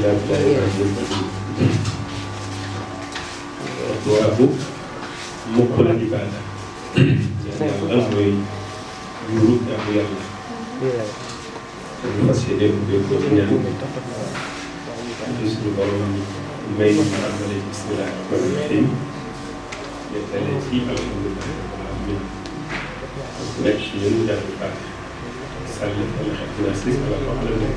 waaw mukk la di baal yàlla mooy yuuru ak yàlla. parce que dégg nga ko ñaan di suñu borom may ñu amale bismillah kon tey defalee ci alhamdulilah alamin nekk ci ñun jàng baax sàll fa la xam naa si ala ko ala nekk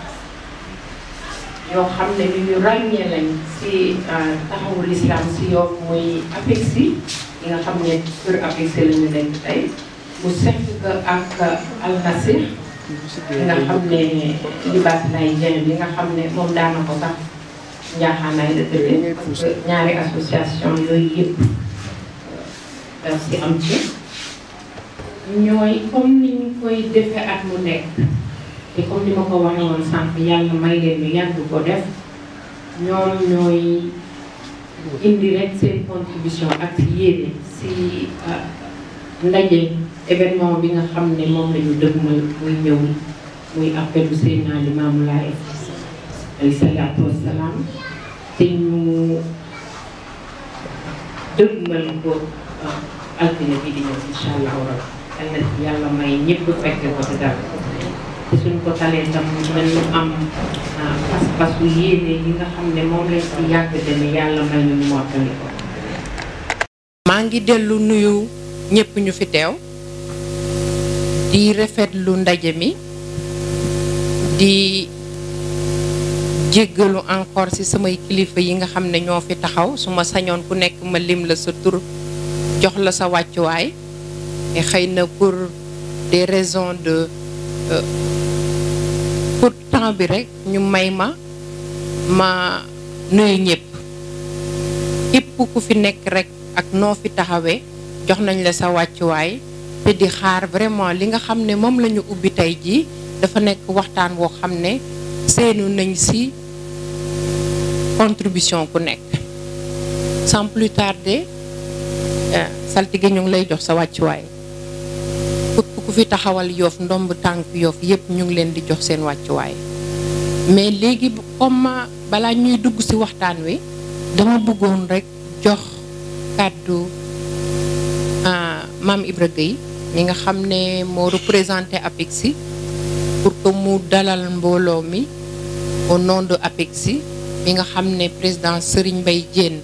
yoo xam ne yu ñu ràññee lañ si euh, taxawu lislaam si Yoff mooy APECSY yi nga xam ne kër APECSY la ñu nekk tey mu sekk ak Al nga xam ne libaas nay jën li nga xam ne moom daana ko njaaxaanaay la tëddee parce ñaari association yooy yëpp euh, daf si am ci ñooy comme ni ñu koy defee at mu nekk te comme ni ma ko waxee woon sànq yàlla may leen ñu yàgg ko def ñoom ñooy indi rek seen contribution ak yéene si euh, ndaje événement bi nga xam ne moom la ñu dëgmal muy ñëw muy appelu Seydina Limaamu Laay ay salaatu wasalaam te ñu dëgmal ko euh, yàlla may ñëpp fekk ko te dara. te suñ ko talee tam am pas-pas ah, bu yéene yi nga xam ne moom lañ si yàgg deme yàlla may ñu mottali ko maa ngi dellu nuyu ñépp ñu fi teew di rafetlu ndaje mi di jéggalu encore ci samay kilifa yi nga xam ne ñoo fi taxaw su ma sañoon ku nekk ma lim la sa tur jox la sa wàccuwaay et xëy na pour des raisons de Euh, pour temps bi rek ñu may ma ma nuyu ñëpp képp ku fi nekk rek ak noo fi taxawee jox nañ la sa wàccuwaay te di xaar vraiment li nga xam ne moom lañu ubbi tey jii dafa nekk waxtaan woo xam ne seenu nañ si contribution ku nekk sans plus tarder euh, saltige ñu ngi lay jox sa wàccuwaay ku fi taxawal yoof ndomb tànk yoof yépp ñu ngi leen di jox seen wàccuwaay mais léegi comme balaa ñuy dugg ci waxtaan wi dama bëggoon rekk jox kàddu euh, maam Ibra Gueye mi nga xam ne moo représenté APECSY pour que mu dalal mbooloo mi au nom de APECSY mi nga xam ne président Serigne Mbaye Diène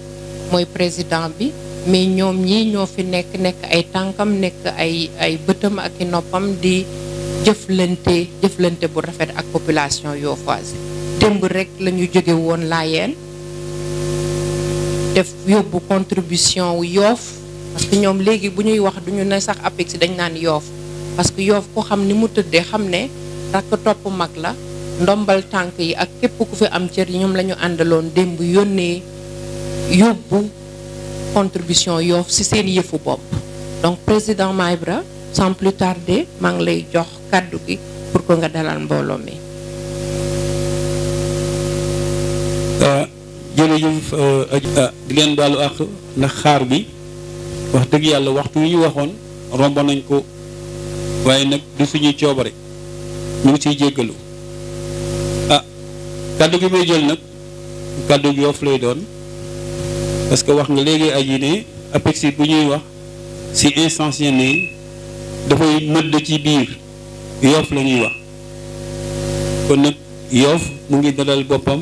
mooy président bi mais ñoom ñii ñoo fi nekk nekk ay tànkam nekk ay ay bëtam ak noppam di jëflante jëflante bu rafet ak population yoofoise démb rek la jóge woon laayeen def yóbbu contribution wu yoof parce ñoom léegi bu ñuy wax duñu ne sax APEX dañ naan yoof parce que yoof ko xam ni mu tëddee xam ne rakk topp mag la ndombal tànk yi ak képp ku fi am cër yi ñoom lañu ñu àndaloon démb yónnee yóbbu contribution yoof ci seen yëfu bopp donc président Maïbra sans plus tarder maa ngi lay jox kàddu gi pour que nga dalal mbooloo mi. Euh, euh, euh, di leen baalu àq ndax xaar bi wax dëgg yàlla waxtu wi ñu waxoon romb nañ ko waaye nag du suñuy coobare ñu ngi ciy jéggalu ah kàddu gi may jël nag kàddu gi yoof lay doon. parce que wax nga aji APEX wax si instance dafay neud ci biir yof lañuy wax kon nak yof mu ngi dalal bopam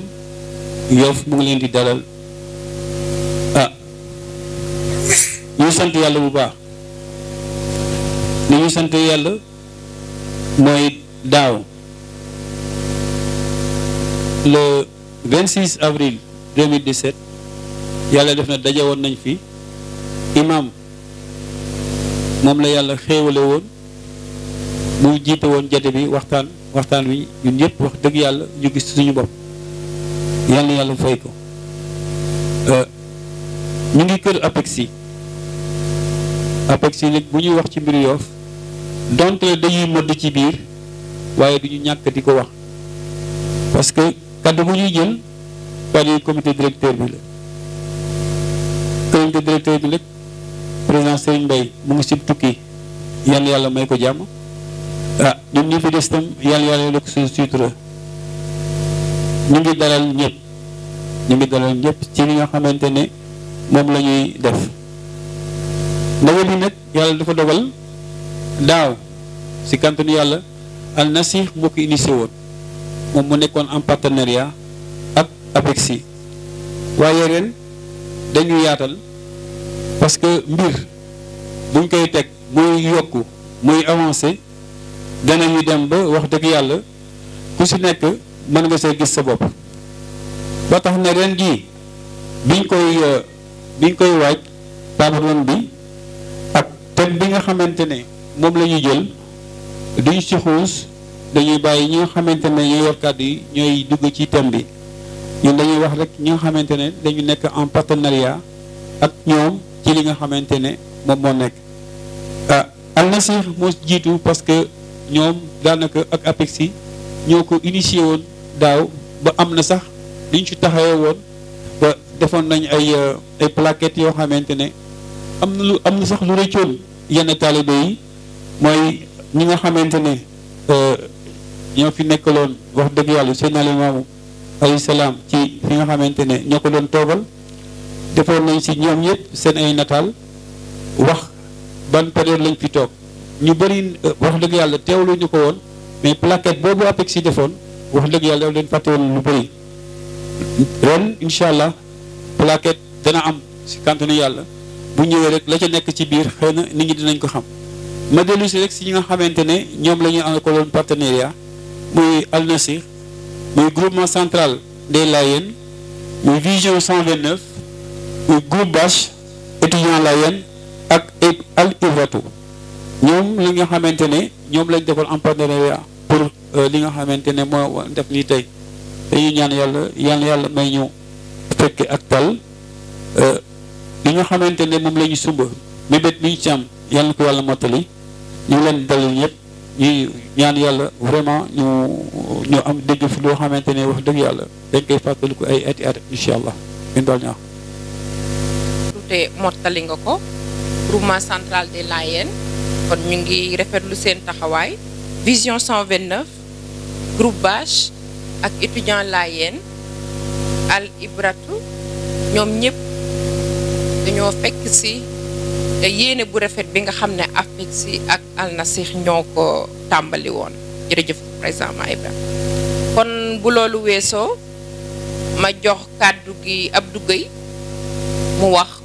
yof mu ngi leen di dalal ah ñu sant yalla bu sant le 26 avril 2017 yàlla def na daje woon nañ fi imam moom la yàlla xéewale woon mu jiite woon jate bi waxtaan waxtaan wi ñun ñëpp wax dëgg yàlla ñu gis suñu bopp yàlla yàlla fay ko euh, ñu ngi kër APECSY APECSY nag bu ñuy wax ci mbiru Yoff donte dañuy modd ci biir waaye du ñu ñàkk di ko wax parce que kaddu bu ñuy jël kaddu comité directeur bi comité directeur bi nag président Serigne Mbaye mu ngi si tukki yan yàlla may ko jàmm ah ñun ñi fi des itam yàlla yàlla yokk suñu sutura ñu ngi dalal ñëpp ñu ngi dalal ñëpp ci li nga xamante ne moom la ñuy def ndaje bi nag yàlla dafa dogal daaw si kantanu yàlla am nasih moo ko initié woon moom mu nekkoon en partenariat ak APEXI waaye ren dañu yaatal parce que mbir buñ koy teg muy yokku muy avancé danañu dem ba wax dëgg yàlla ku si nekk mën nga see gis sa bopp ba tax na ren jii biñ koy euh, biñ koy waaj pavillon bi ak thème bi nga xamante ne moom la ñuy jël duñ si xuus dañuy bàyyi ñi nga xamante ne ñooy yor yi ñooy dugg ci tem bi ñun dañuy wax rek ñi nga xamante ne dañu nekk en partenariat ak ñoom ci li nga xamante ne moom moo nekk ah euh, al nasir moo jiitu parce que ñoom daanaka ak APEXI ñoo ko initié woon daaw ba am na sax li ñu ci taxawee woon ba defoon nañ ay euh, ay yoo xamante ne am na lu am na sax lu rëccoon yenn taalibe yi mooy ñi nga xamante ne euh, ñoo fi nekkaloon wax dëgg yàlla seen alimaamu alayhi salaam ci fi nga xamante ne ñoo ko doon toogal defoon nañ si ñoom yëpp seen ay nataal wax ban période lañ fi toog ñu bëri euh, wax dëgg yàlla teewlu ñu ko woon mais plaquette boobu APEX ci defoon wax dëgg yàlla daf leen fàtte woon lu bëri ren incha allah plaquette dana am si kantanu yàlla bu ñëwee rek la ca nekk ci biir xëy na nit dinañ ko xam ma dellu si rek si ñi nga xamante ne ñoom la ñuy àndaloon partenariat muy Al Nasir muy groupement centrale des Layènes muy vision groupe bâche étudiant Layène ak al iwatu ñoom li nga xamante ne ñoom lañ defal en partenariat pour euh, li nga xamante ne moo def lii tey yàlla yàlla yàlla may ñu fekke ak tal euh, li nga xamante ne moom la ñu sumba mébét mi ñu ci am yàlla ko yàlla mottali ñu leen dalal ñëpp ñuy ñaan yàlla vraiment ñu ñu am dégg fi loo xamante ne wax dëgg yàlla dañ koy ko ay ati at incha allah. te mottali nga ko groupement centrale des Layènes kon ñu ngi rafet lu seen taxawaay vision 129 groupe bâche ak étudiant Layène al ibratu ñoom ñëpp dañoo fekk si te yéene bu rafet bi nga xam ne AFPEX si ak al nasix ñoo ko tàmbali woon jërëjëf président kon bu loolu weesoo ma jox kàddu gi Abdou Gueye mu wax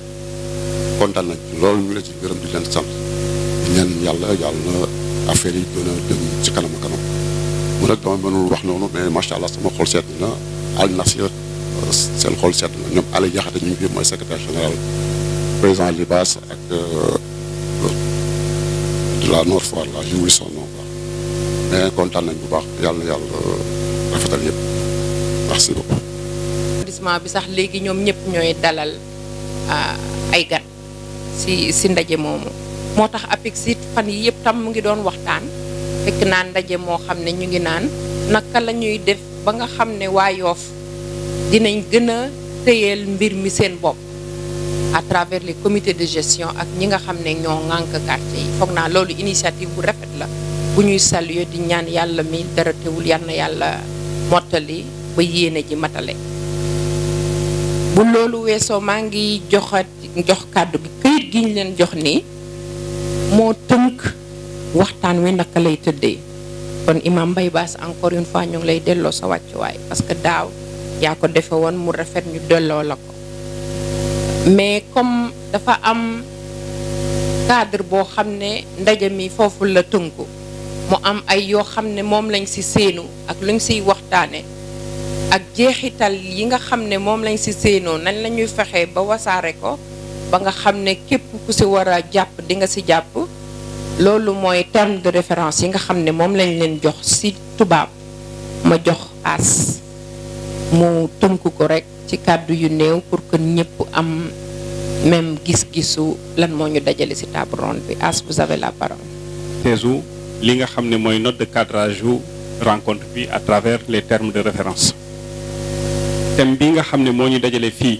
kontaan nañ loolu ñu ngi la ci gërëm di leen sant di ñaan yàlla yàlla affaire yi gën dem ci kanam kanam mu nag dama mënul wax noonu mais macha allah sama xol seet na Al Nassir seen xol seet na ñoom Aliou Diakhaté ñu ngi fi mooy secrétaire général président ak euh, de la mais kontaan nañ bu baax yàlla yàlla rafetal yëpp merci beaucoup. arrondissement bi sax léegi ñoom ñëpp ñooy dalal euh, ay gan. si si ndaje moomu moo tax APEX it fan yi yëpp tam mu ngi doon waxtaan fekk naa ndaje moo xam ne ñu ngi naan naka la ñuy def ba nga xam ne dinañ gën a mbir mi seen bopp à travers les comités de gestion ak ñi nga xam ne ñoo ŋànk quartier yi foog naa loolu initiative bu rafet la bu ñuy saluer di ñaan yàlla mi dara teewul yal na yàlla mottali ba yéene ji matale bu loolu weesoo maa joxat jox kàddu giñ leen jox nii moo tënk waxtaan wi naka lay tëddee kon imam Mbaye Bass encore une fois ñu lay delloo sa wàccuwaay parce que daaw yaa ko defe woon mu rafet ñu delloo la ko mais comme dafa am cadre boo xam ne ndaje mi foofu la tënku mu am ay yoo xam ne moom lañ ci séenu ak luñ siy waxtaane ak jeexital yi nga xam ne moom lañ ci séenoo nañ la ñuy fexe ba wasaare ko ba nga xam ne képp ku si war a jàpp di nga si jàpp loolu mooy terme de référence yi nga xam ne moom lañ leen jox si tubaab ma jox as mu tënk ko rek ci kàddu yu néew pour que ñëpp am même gis-gisu lan moo ñu dajale si table ronde bi as vous avez la parole. teesu li nga xam ne mooy note de cadrage rencontre bi à travers les termes de référence. thème bi nga xam ne moo ñu dajale fii.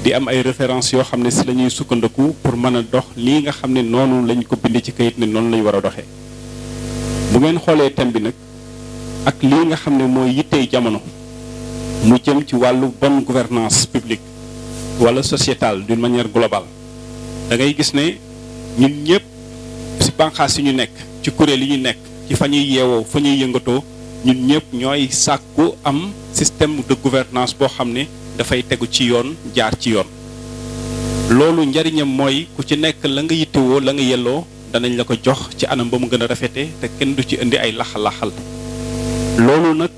di am ay références yoo xam ne si la ñuy sukkandiku pour mën a dox lii nga xam ne noonu lañ ko bind ci kayit ne noonu lañ war a doxee bu ngeen xoolee thème bi nag ak lii nga xam ne mooy yittee jamono mu jëm ci wàllu bonne gouvernance publique wala sociétale d'une manière globale da ngay gis ne ñun ñëpp ci bànqaas yi ñu nekk ci kuréel li ñu nekk ci fa ñuy yeewoo fa ñuy yëngatoo ñun ñëpp ñooy sàkku am système de gouvernance boo xam ne fay teggu ci yoon jaar ci yoon loolu njariñam mooy ku ci nekk la nga yittewoo la nga yelloo danañ la ko jox ci anam ba mu gën a kenn du ci indi ay laxal loolu nag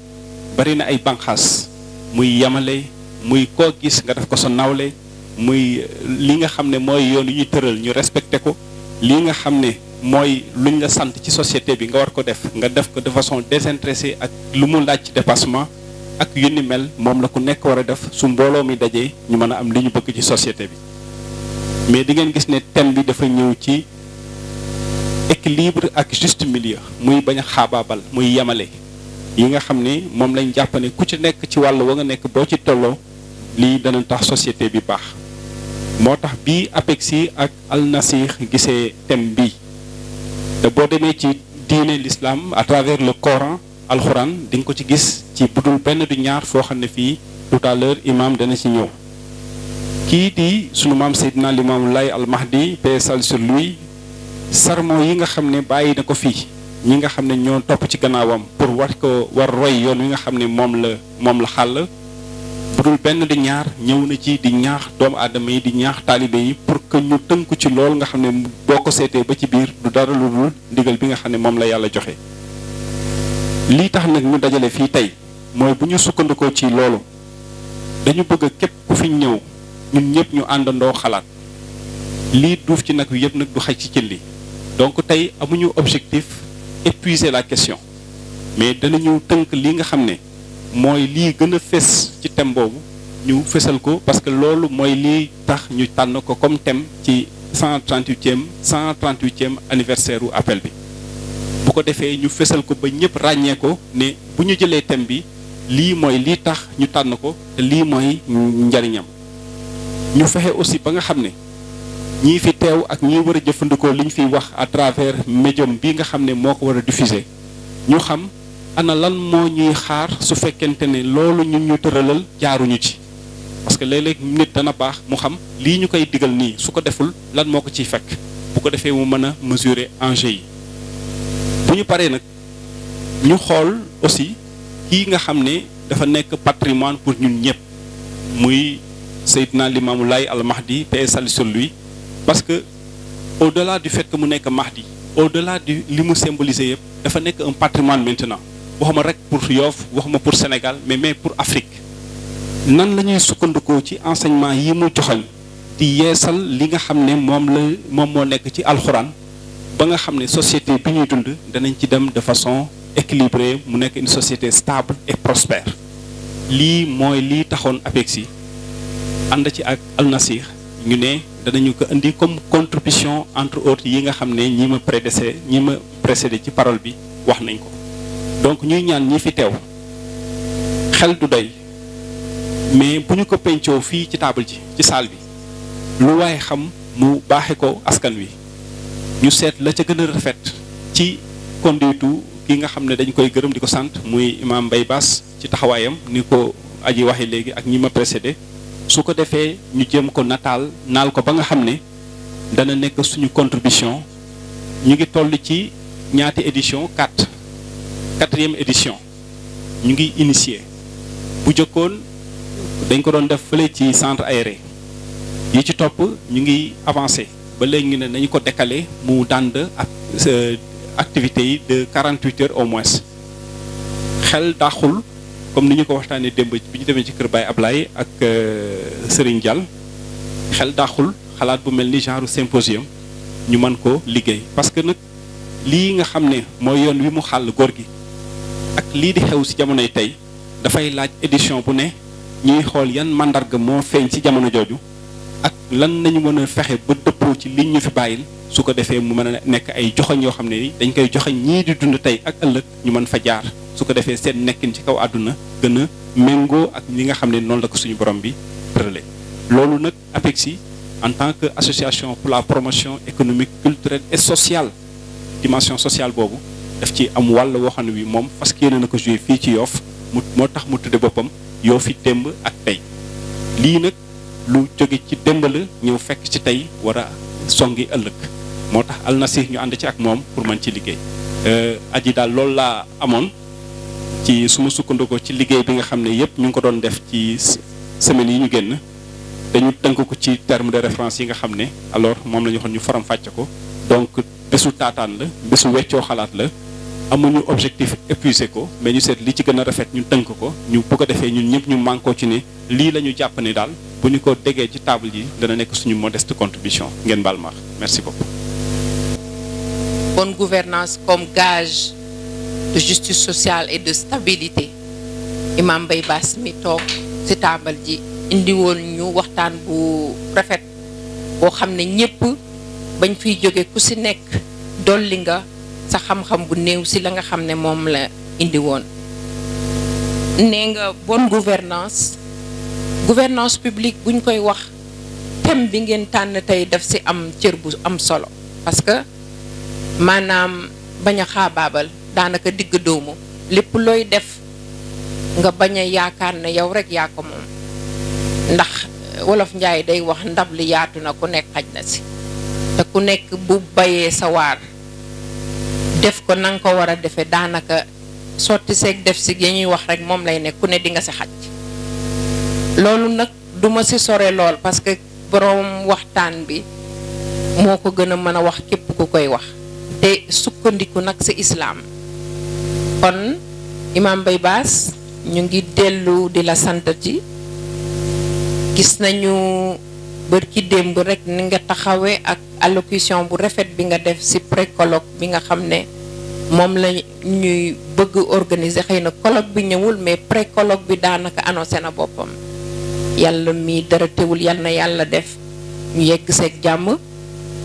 bari na ay banqaas muy yamale muy koo gis nga def ko sa nawle muy li nga xam ne mooy yoon yi tëral ñu respecté ko li nga xam ne mooy luñ la sant ci société bi nga war ko def nga def ko de façon désintéressée ak lu mu laaj dépassement ak yu ni mel moom la ku nekk war a def su mbooloo mi dajee ñu mën a am li ñu bëgg ci société bi mais di ngeen gis ne thème bi dafa ñëw ci équilibre ak juste milieu muy bañ a xaabaabal muy yemale yi nga xam ne moom lañ jàpp ku ci nekk ci wàll wa nga nekk boo ci tolloo lii dana tax société bi baax moo tax bii APEXI ak Al Nasir gisee thème bi te boo demee ci diine l'islam à travers le Coran alxuraan dinga ko ci gis ci budul benn du ñaar foo xam ne fii tout à l'heure imaam dana ci ñëw kii di sunu maam Seydina Limaamu Laay al-Mahdi luy sur sarmo yi nga xam ne bàyyi na ko fii ñi nga xam ne ñoo topp ci gannaawam pour war ko war roy yoon wi nga xam ne moom la moom la xàll budul benn di ñaar ñëw na ci di ñaax doomu aadama yi di ñaax taalibe yi pour que ñu tënku ci lool nga xam ne boo ko seetee ba ci biir du dara lu dul ndigal bi nga xam ne moom la yàlla joxe. li tax nak ñu dajale fi tay moy buñu ñu ci lolu dañu bëgg képp ku fi ñëw ñun ñëpp ñu àndandoo xalaat li duuf ci nak yëpp nak du xaj ci cin li donc tay amuñu objectif épuiser la question mais danañu tënk li nga xamné ne mooy lii gën a fés ci thème boobu ñu fésal ko parce que loolu mooy li tax ñu tànn ko comme thème ci 138e 138e anniversaire u appel bi bu ko defee ñu fesal ko ba ñëpp ràññee ko ne bu ñu jëlee thème bi lii mooy lii tax ñu tànn ko te lii mooy njariñam ñu fexe aussi ba nga xam ne ñii fi teew ak ñi war a jëfandikoo li ñu fiy wax à travers médium bi nga xam ne moo ko war a diffuser ñu xam ana lan moo ñuy xaar su fekkente ne loolu ñun ñu tëralal jaaruñu ci parce que léeg-léeg nit dana baax mu xam lii ñu koy digal nii su ko deful lan moo ko ciy fekk bu ko defee mu mën a mesurer enjeu yi bu ñu paree nag ñu xool aussi kii nga xam ne dafa nekk patrimoine pour ñun ñëpp muy Seydina Limaamu Laay al Mahdi paix et salut sur lui parce que au-delà di fait que mu nekk Mahdi au-delà du li mu symbolisé yëpp dafa nekk un patrimoine maintenant waxuma rek pour Yoff waxuma pour Sénégal mais mais pour Afrique nan lañuy ñuy ci enseignement yi mu joxal di yeesal li nga xam ne moom la moom moo nekk ci alxuraan ba nga xam ne société bi ñuy dund danañ ci dem de façon équilibrée mu nekk une société stable et prospère lii mooy lii taxoon APEXI ànd ci ak Al Nasir ñu ne danañu ko indi comme contribution entre autres yi nga xam ne ñi ma prédécé ñi ma précédé ci parole bi wax nañ ko donc ñuy ñaan ñi fi teew xel du doy mais bu ñu ko pencoo fii ci table ji ci salle bi lu waaye xam mu baaxe ko askan wi ñu seet la ca gën a rafet ci conduite ki nga xam ne dañ koy gërëm di ko sant muy imaam Mbaye Bass ci taxawaayam ni ko aji waxe léegi ak ñi ma précédé su ko defee ñu jéem ko nataal naal ko ba nga xam ne dana nekk suñu contribution ñu ngi toll ci ñaati édition 4 quatrième édition ñu ngi initié bu jëkkoon dañ ko doon def fële ci centre aéré yi ci topp ñu ngi avancé ba léegi ñu ne nañu ko décaler mu dànd activité euh, activités yi de 48 heures au moins xel daaxul comme ni ñu ko waxtaanee démb bi ñu demee ci kër Baye Ablaye ak euh, Serigne Dial xel daaxul xalaat bu mel ni genre symposium ñu mën ko liggéey parce que nag lii nga xam ne mooy yoon wi mu xàll góor gi ak lii di xew ci jamonoy tey dafay laaj édition bu ne ñuy xool yan màndarga moo feeñ ci jamono jooju ak lan nañu mën a fexe dëppoo ci liñ ñu fi bàyyil su ko defee mu mën a nekk ay joxoñ yoo xam ne dañ koy joxoñ ñii di dund tey ak ëllëg ñu mën fa jaar su ko defee seen nekkin ci kaw àdduna gën a méngoo ak li nga xam ne noonu la ko suñu borom bi tërale loolu nag APEXI en tant que association pour la promotion économique culturelle et sociale dimension sociale boobu daf ci am wàll woo xam ne moom parce que yéene na ko joué fii ci yoof mu moo tax mu tuddee boppam yoo fi démb ak tey lii lu jóge ci démb la ñëw fekk ci tey war a songi ëllëg moo tax al nasir ñu ànd ci ak moom pour man ci liggéey euh, aji daal loolu laa amoon ci suma sukkandikoo ci liggéey bi nga xam ne yëpp ñu ngi ko doon def ci semaines yi ñu génn dañu tënk ko ci terme de référence yi nga xam ne alors moom la ñu waxoon ñu faram fàcce ko donc bésu taataan la bésu weccoo xalaat la amuñu objectif épuisé ko mais ñu seet li ci gën a rafet ñu tënk ko ñu bu ko defee ñun ñëpp ñu mànkoo ci ne lii la ñu jàpp ne daal bu ñu ko degee ci table yi dana nekk suñu modeste contribution ngeen baal merci beaucoup. bonne gouvernance comme gage de justice sociale et de stabilité Imam bay Bass mi toog ci table ji indi woon ñu waxtaan bu rafet boo xam ne ñëpp bañ fiy jóge ku si nekk dolli nga. sa xam-xam bu neew ci la nga xam ne moom la indi won ne nga bonne gouvernance gouvernance publique buñ koy wax thème bi ngeen tan tay daf ci am cieur bu am solo parce que manam baña a xaabaabal daanaka digg doomu lepp loy def nga baña yaakar ne yow rek ya ko mom ndax eh, wolof njaay day wax ndab li yaatu na ku nek xajna ci ku nek bu baye sa waar def ko na nga ko war a defee daanaka sotti seeg def si ya ñuy wax rek moom lay nekku ne dinga nga si xaj loolu nag du ma si sore lool parce que boroom waxtaan bi moo ko gën a mën a wax képp ku koy wax te sukkandiku nag si islaam kon imaam Baye baas ñu ngi dellu di la sant ci gis nañu bërki démb rek ni nga taxawé ak allocution bu rafet bi nga def ci précoloc bi nga xamné mom la ñuy bëgg organiser xeyna coloc bi ñewul mais précoloc bi daanaka annoncé na bopam yalla mi dara téwul yalla yalla def ñu yegg seeg jamm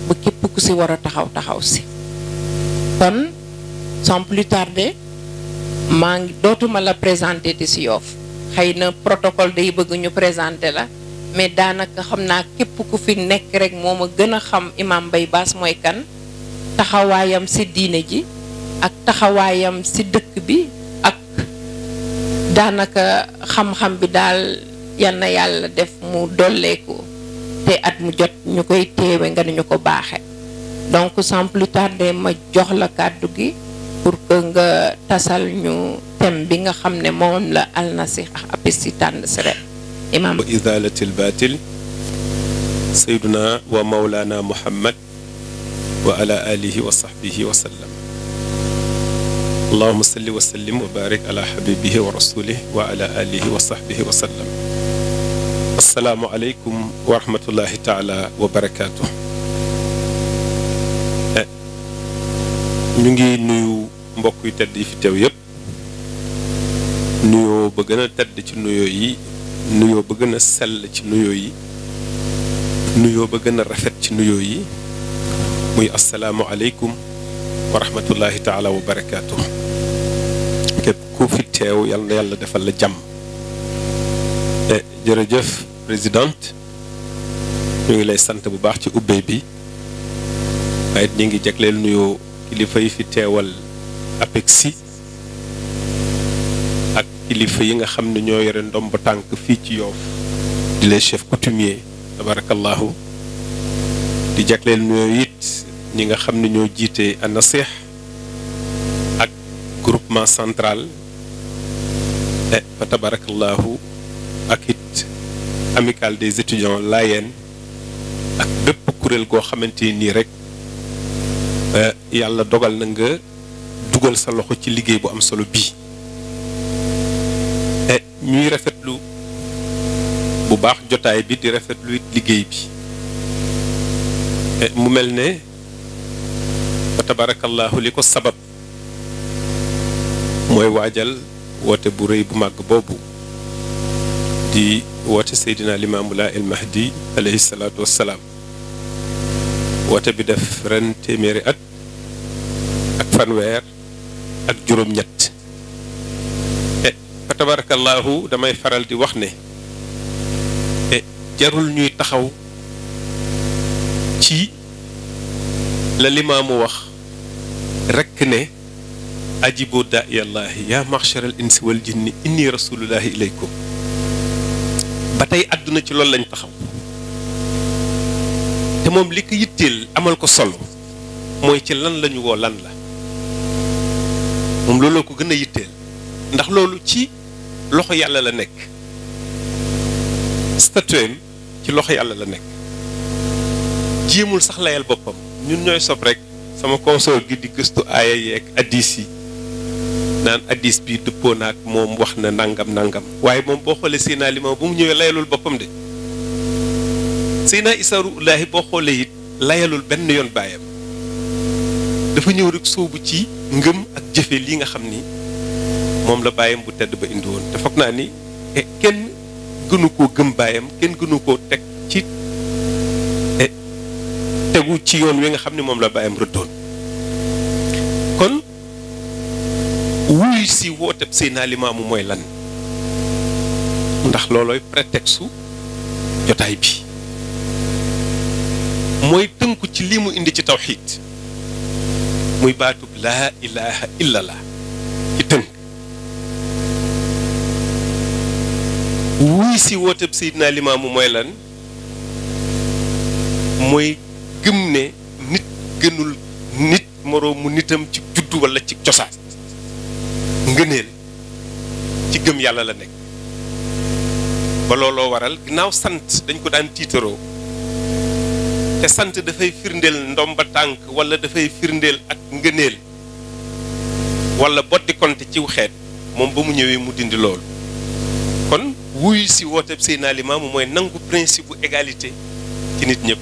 bu képp ku ci wara taxaw taxaw ci kon sans plus tarder maa ngi la présenter ci Yoff xeyna protocole day bëgg ñu présenter la mais daanaka xam naa képp ku fi nekk rek moo ma gën a xam imam Mbaye Bass mooy kan taxawaayam ci diine ji ak taxawaayam ci dëkk bi ak daanaka xam-xam bi daal yal na yàlla def mu dolleeku te at mu jot ñu koy téewe nga ñu ko baaxe donc sans plus tarder ma jox la kàddu gi pour que nga tasal ñu thème bi nga xam ne moom la Al Nasihah APS si tànn si إمام وإزالة الباطل سيدنا ومولانا محمد وعلى آله وصحبه وسلم اللهم صل وسلم وبارك على حبيبه ورسوله وعلى آله وصحبه وسلم السلام عليكم ورحمة الله تعالى وبركاته ñu نيو nuyu تدي في تويب نيو fi تدي yépp يي nuyoo ba gën a sell ci nuyoo yi nuyoo ba gën a rafet ci nuyoo yi muy asalaamualeykum wa rahmatullahi taala wa barakaatu képp ku fi teew yal na yàlla defal la jàmm jërëjëf présidente ñu ngi lay sant bu baax ci ubbee bi waaye ñu ngi jagleel nuyoo kilifa yi fi teewal APECSY kilifa yi nga xam ne ñoo yore ndomb tànk fii ci yoof di chef chefs coutumiers tabarakallahu di jagleel nuyoo it ñi nga xam ne ñoo jiite anasix ak groupement central e fa tabarakallahu ak it amicale des étudiants laayeen ak bépp kuréel goo xamante nii rek eh, yàlla dogal na nga dugal sa loxo ci liggéey bu am solo bii ñuy rafetlu bu baax jotaay bi di rafetlu it liggéey bi mu mel ne wa tabarakallahu li ko sabab mooy waajal woote bu rëy bu màgg boobu di woote Seydina laa El Mahdi alayhi salaatu wassalaam woote bi def ren téeméeri at ak fanweer ak juróom-ñett تبارك الله دما يفرل دي وخني جارول نيو تخاو تي لا الامام وخ رك ني اجيبوا داعي الله يا معشر الانس والجن اني رسول الله اليكم باتاي ادنا تي لول لا نتاخاو تي موم ليك يتيل امال كو سولو موي تي لان لا نيو لان لا موم لولو كو غنا يتيل ndax lolou ci loxo yàlla la nekk statuem ci loxo yàlla la nekk jéemul sax layal boppam ñun ñooy sob rek sama consort gi di gëstu aaya yeeg addis yi naan addis bi dëppoo naag moom wax na nangam nangam waaye moom boo xoolee Seydina Limaam bu mu ñëwee layalul boppam de Seydina Issa Ruuhullaahi boo xoolee it layalul benn yoon baayam dafa ñëw rek soobu ci ngëm ak jëfe li nga xam ni moom la bàyyam bu tedd ba indi woon te foog naa ni eh, kenn gënu koo gëm baayam kenn gënu koo teg ci eh, tegu ci yoon wi nga xam ne moom la bàyyam rëddoon kon wuy si wooteb Seydina Limaamu mooy lan ndax loolooy prétexte jotaay bi mooy tënku ci lii mu indi ci tawxiid muy baatub laa ilaha illallah ci tënk wuy si wootab Seydina Limaamu mooy lan mooy gëm ne nit gënul nit moroomu nitam ci juddu walla ci cosaan ngëneel ci gëm yàlla la nekk ba looloo waral ginnaaw sant dañ ko daan tiitaroo te sant dafay firndeel ndomba tànk walla dafay firndeel ak ngëneel walla boddi konte ciw xeet moom ba mu ñëwee mu dindi loolu wuyu si wooteb Seydina Limaamu mooy nangu principe bu égalité ci nit ñëpp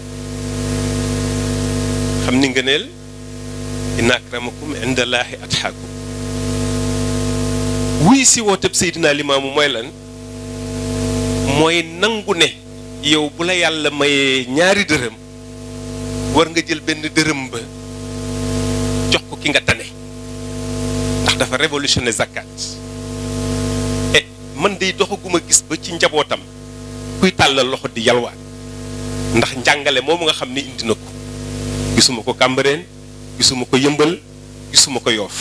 xam ni ngëneel inna akramakum indallaahi atxaakum wuyu si wooteb Seydina Limaamu mooy lan mooy nangu ne yow bu la yàlla mayee ñaari dërëm war nga jël benn dërëm ba jox ko ki nga tane ndax dafa révolutionné zakat man day doxaguma gis ba ci njabootam kuy tàllal loxo di yalwaan ndax njàngale moomu nga xam ne indi na ko gisuma ko Cambérène gisuma ko yëmbal gisuma ko yoof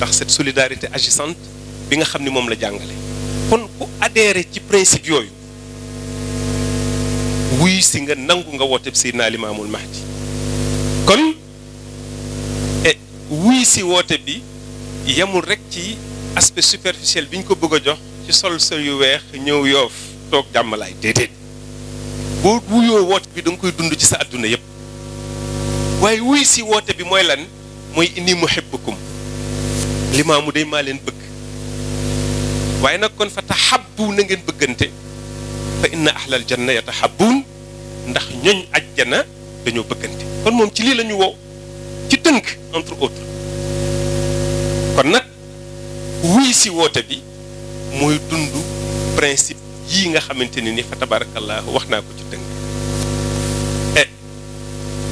ndax cette solidarité agissante bi nga xam ni moom la jàngale kon ku adhéré ci principe yooyu wuy si nga nangu nga woote Seydina Limaamul Mahdi kon eh, wuy si woote bi yamul rek ci aspect superficiel bi ñu ko bëgg a jox ci sol sol yu weex ñëw yoof toog jàmm laay déedéet boo wuyoo woote bi da koy dund ci sa adduna yépp waaye wuy si woote bi mooy lan mooy indi mu inni muhibbukum limaamu day maa leen bëgg waaye nag kon fa taxabbu na ngeen bëggante fa inna ahlal janna yataxabbuun ndax ñoñ ajjana dañoo bëggante kon moom ci lii lañu ñu woo ci tënk entre autres kon nag wuy si woote bi moy dundu principe yi nga xamanteni ni fa tabarakallah waxna ko ci eh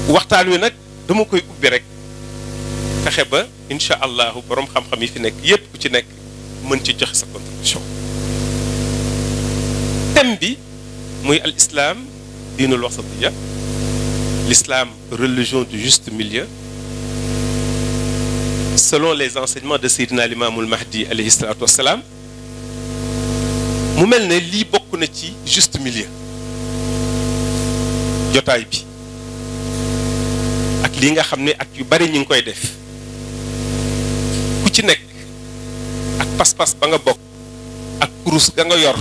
waxtan wi nak dama koy ubbi rek taxé ba incha allahu borom xam-xam yi fi nek yépp ku ci nek mën ci jox sa contribution thème bi moy al islam diinul wasatiyya l'islam religion du juste milieu selon les enseignements de Sayyidina l'imam al Mahdi alayhi salatu wassalam mu mel ni lii bokk na ci juste milieu jotaay bi ak lii nga xam ni ak yu bari ñu ngi koy def ku ci nekk ak pas-pas ba nga bokk ak kurus ga nga yor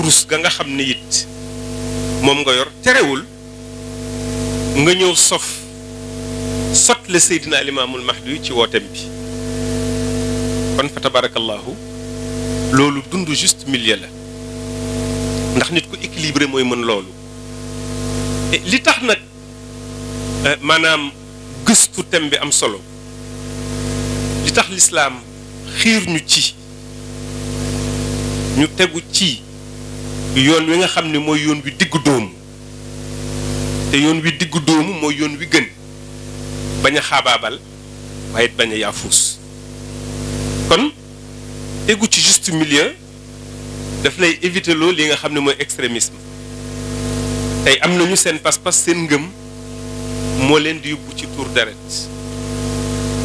kurus ga nga xam ne it mom nga yor terewul nga ñëw sof sot le sayyidina al-imam al Mahdi ci wotem bi kon fa tabarakallah lolu dundu juste milieu la ndax nit ko équilibrer moy mën loolu li tax nak manam gëstu thème bi am solo li tax l'islam xir ñu ci ñu teggu ci yoon wi nga xam ni mooy yoon wi diggu dóomu te yoon wi diggu dóomu mooy yoon wi gën bañ a xaabaabal waaye it bañ yaafuus kon tegu ci juste milieu daf lay éviter loo li nga xam ne mooy extremisme tey am na nañu seen pas-pas seen ngëm moo leen di yóbbu ci tuur deret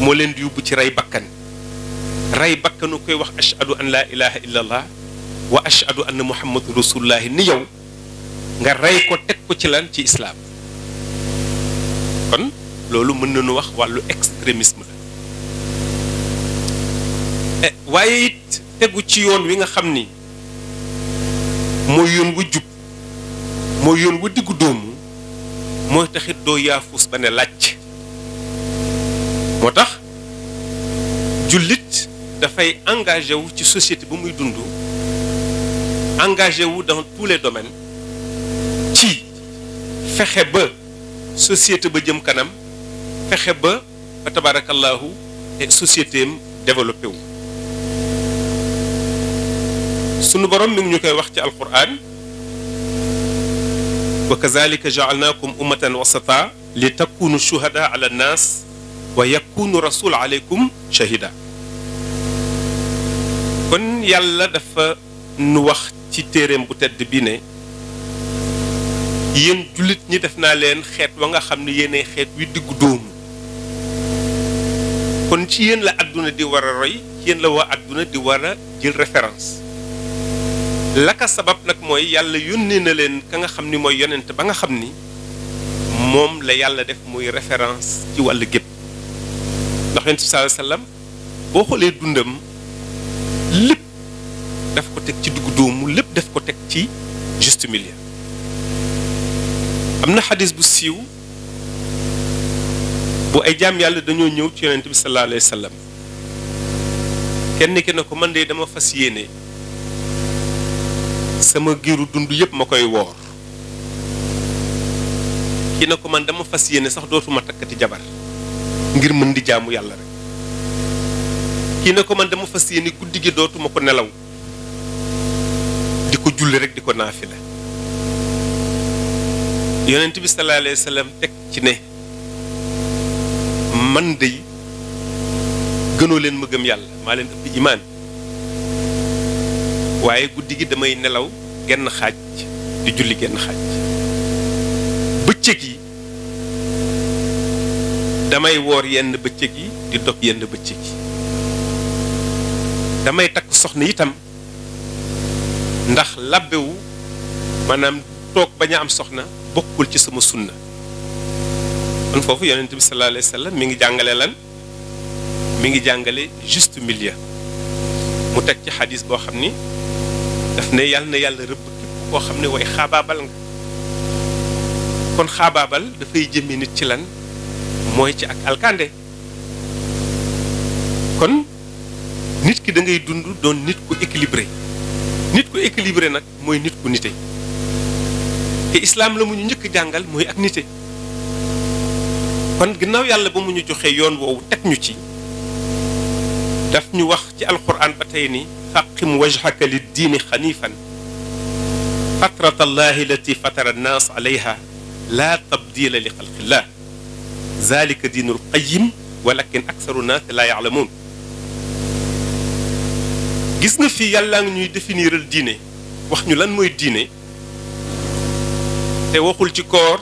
moo leen di yóbbu ci rey bakkan rey bakkan koy wax ashhadu an laa ilaha illallah wa ashhadu anna muhammadu rasulullahi ni yow nga rey ko teg ko ci lan ci islaam kon loolu mën nañu wax wàllu extrémisme la eh, waaye it tegu ci yoon wi nga xam ni mooy yoon wu jub mooy yoon wu diggu doomu mooy taxit doo yaafuus ba ne làcc moo tax jullit dafay engagé wu ci société bu muy dund engagez-vous dans tous les domaines ci fexe ba société ba jëm kanam fexe ba fa tabarakallahu société am développé wu sunu borom mi ngi ñu koy wax ci alquran wa kazalika jaalnaakum ummatan wasata li takunu shuhada ala an-nas wa yakunu rasul aleykum shahida kon yàlla dafa nu wax ci téereem bu tedd bi ne yéen jullit ñi def naa leen xeet wa nga xam ne yéenay xeet wi diggu dóomu kon ci yéen la àdduna di war a roy yéen la waa àdduna di wara a jël référence laka sabab nag mooy yàlla yónnee na leen ka nga xam ni mooy yonent ba nga xam ni moom la yàlla def muy référence ci wàll gépp ndax yonent bi sallallahu boo xoolee dundam lépp daf ko teg ci juum lépp def ko teg ci juste milieu am na xadis bu siiw bu ay jaam yàlla dañoo ñëw ci yonent bi sallallahu alayhi wa kenn ki ne ko man de dama fas yéene sama giiru dund yépp ma koy woor ki ne ko man dama fas yéene sax dootuma takkati jabar ngir mën di jaamu yàlla rek kii ne ko man dama fas yéene guddi gi dootuma ko nelaw ko julli rek di ko naafila yonent bi sallallahu alayhi wa teg ci ne man dey gënoo leen ma gëm yàlla maa leen ëpp imaan waaye guddi gi damay nelaw genn xaaj di julli genn xaaj bëccëg yi damay woor yenn bëccëg yi di dog yenn bëccëg yi damay takk soxna itam ndax labbewu maanaam toog bañ a am soxna bokkul ci sama sunna kon foofu yonent bi sallallahu alayhi wa mi ngi jàngale lan mi ngi jàngale juste milia mu teg ci xadis boo xam ni daf ne yàlla na yàlla rëbb képp koo xam ne way xaabaabal nga kon xaabaabal dafay jëmee nit ci lan mooy ci ak alkande kon nit ki da ngay dund doon nit ku équilibré nit ku équilibré nak moy nit ku nite te islam la muñu ñëk jàngal moy ak nite kon ginnaw yàlla ba mu ñu joxee yoon woowu tek ñu ci daf ñu wax ci alquran ba tey ni faqim wajhaka lid din khanifan fatrat allah lati fatara an-nas alayha la tabdila li xalqillah zalika diinul qayim walakin aksaru naas laa yaclamuun gis nga fii yàllaa ngi ñuy définiral diine wax ñu lan mooy diine te waxul ci koor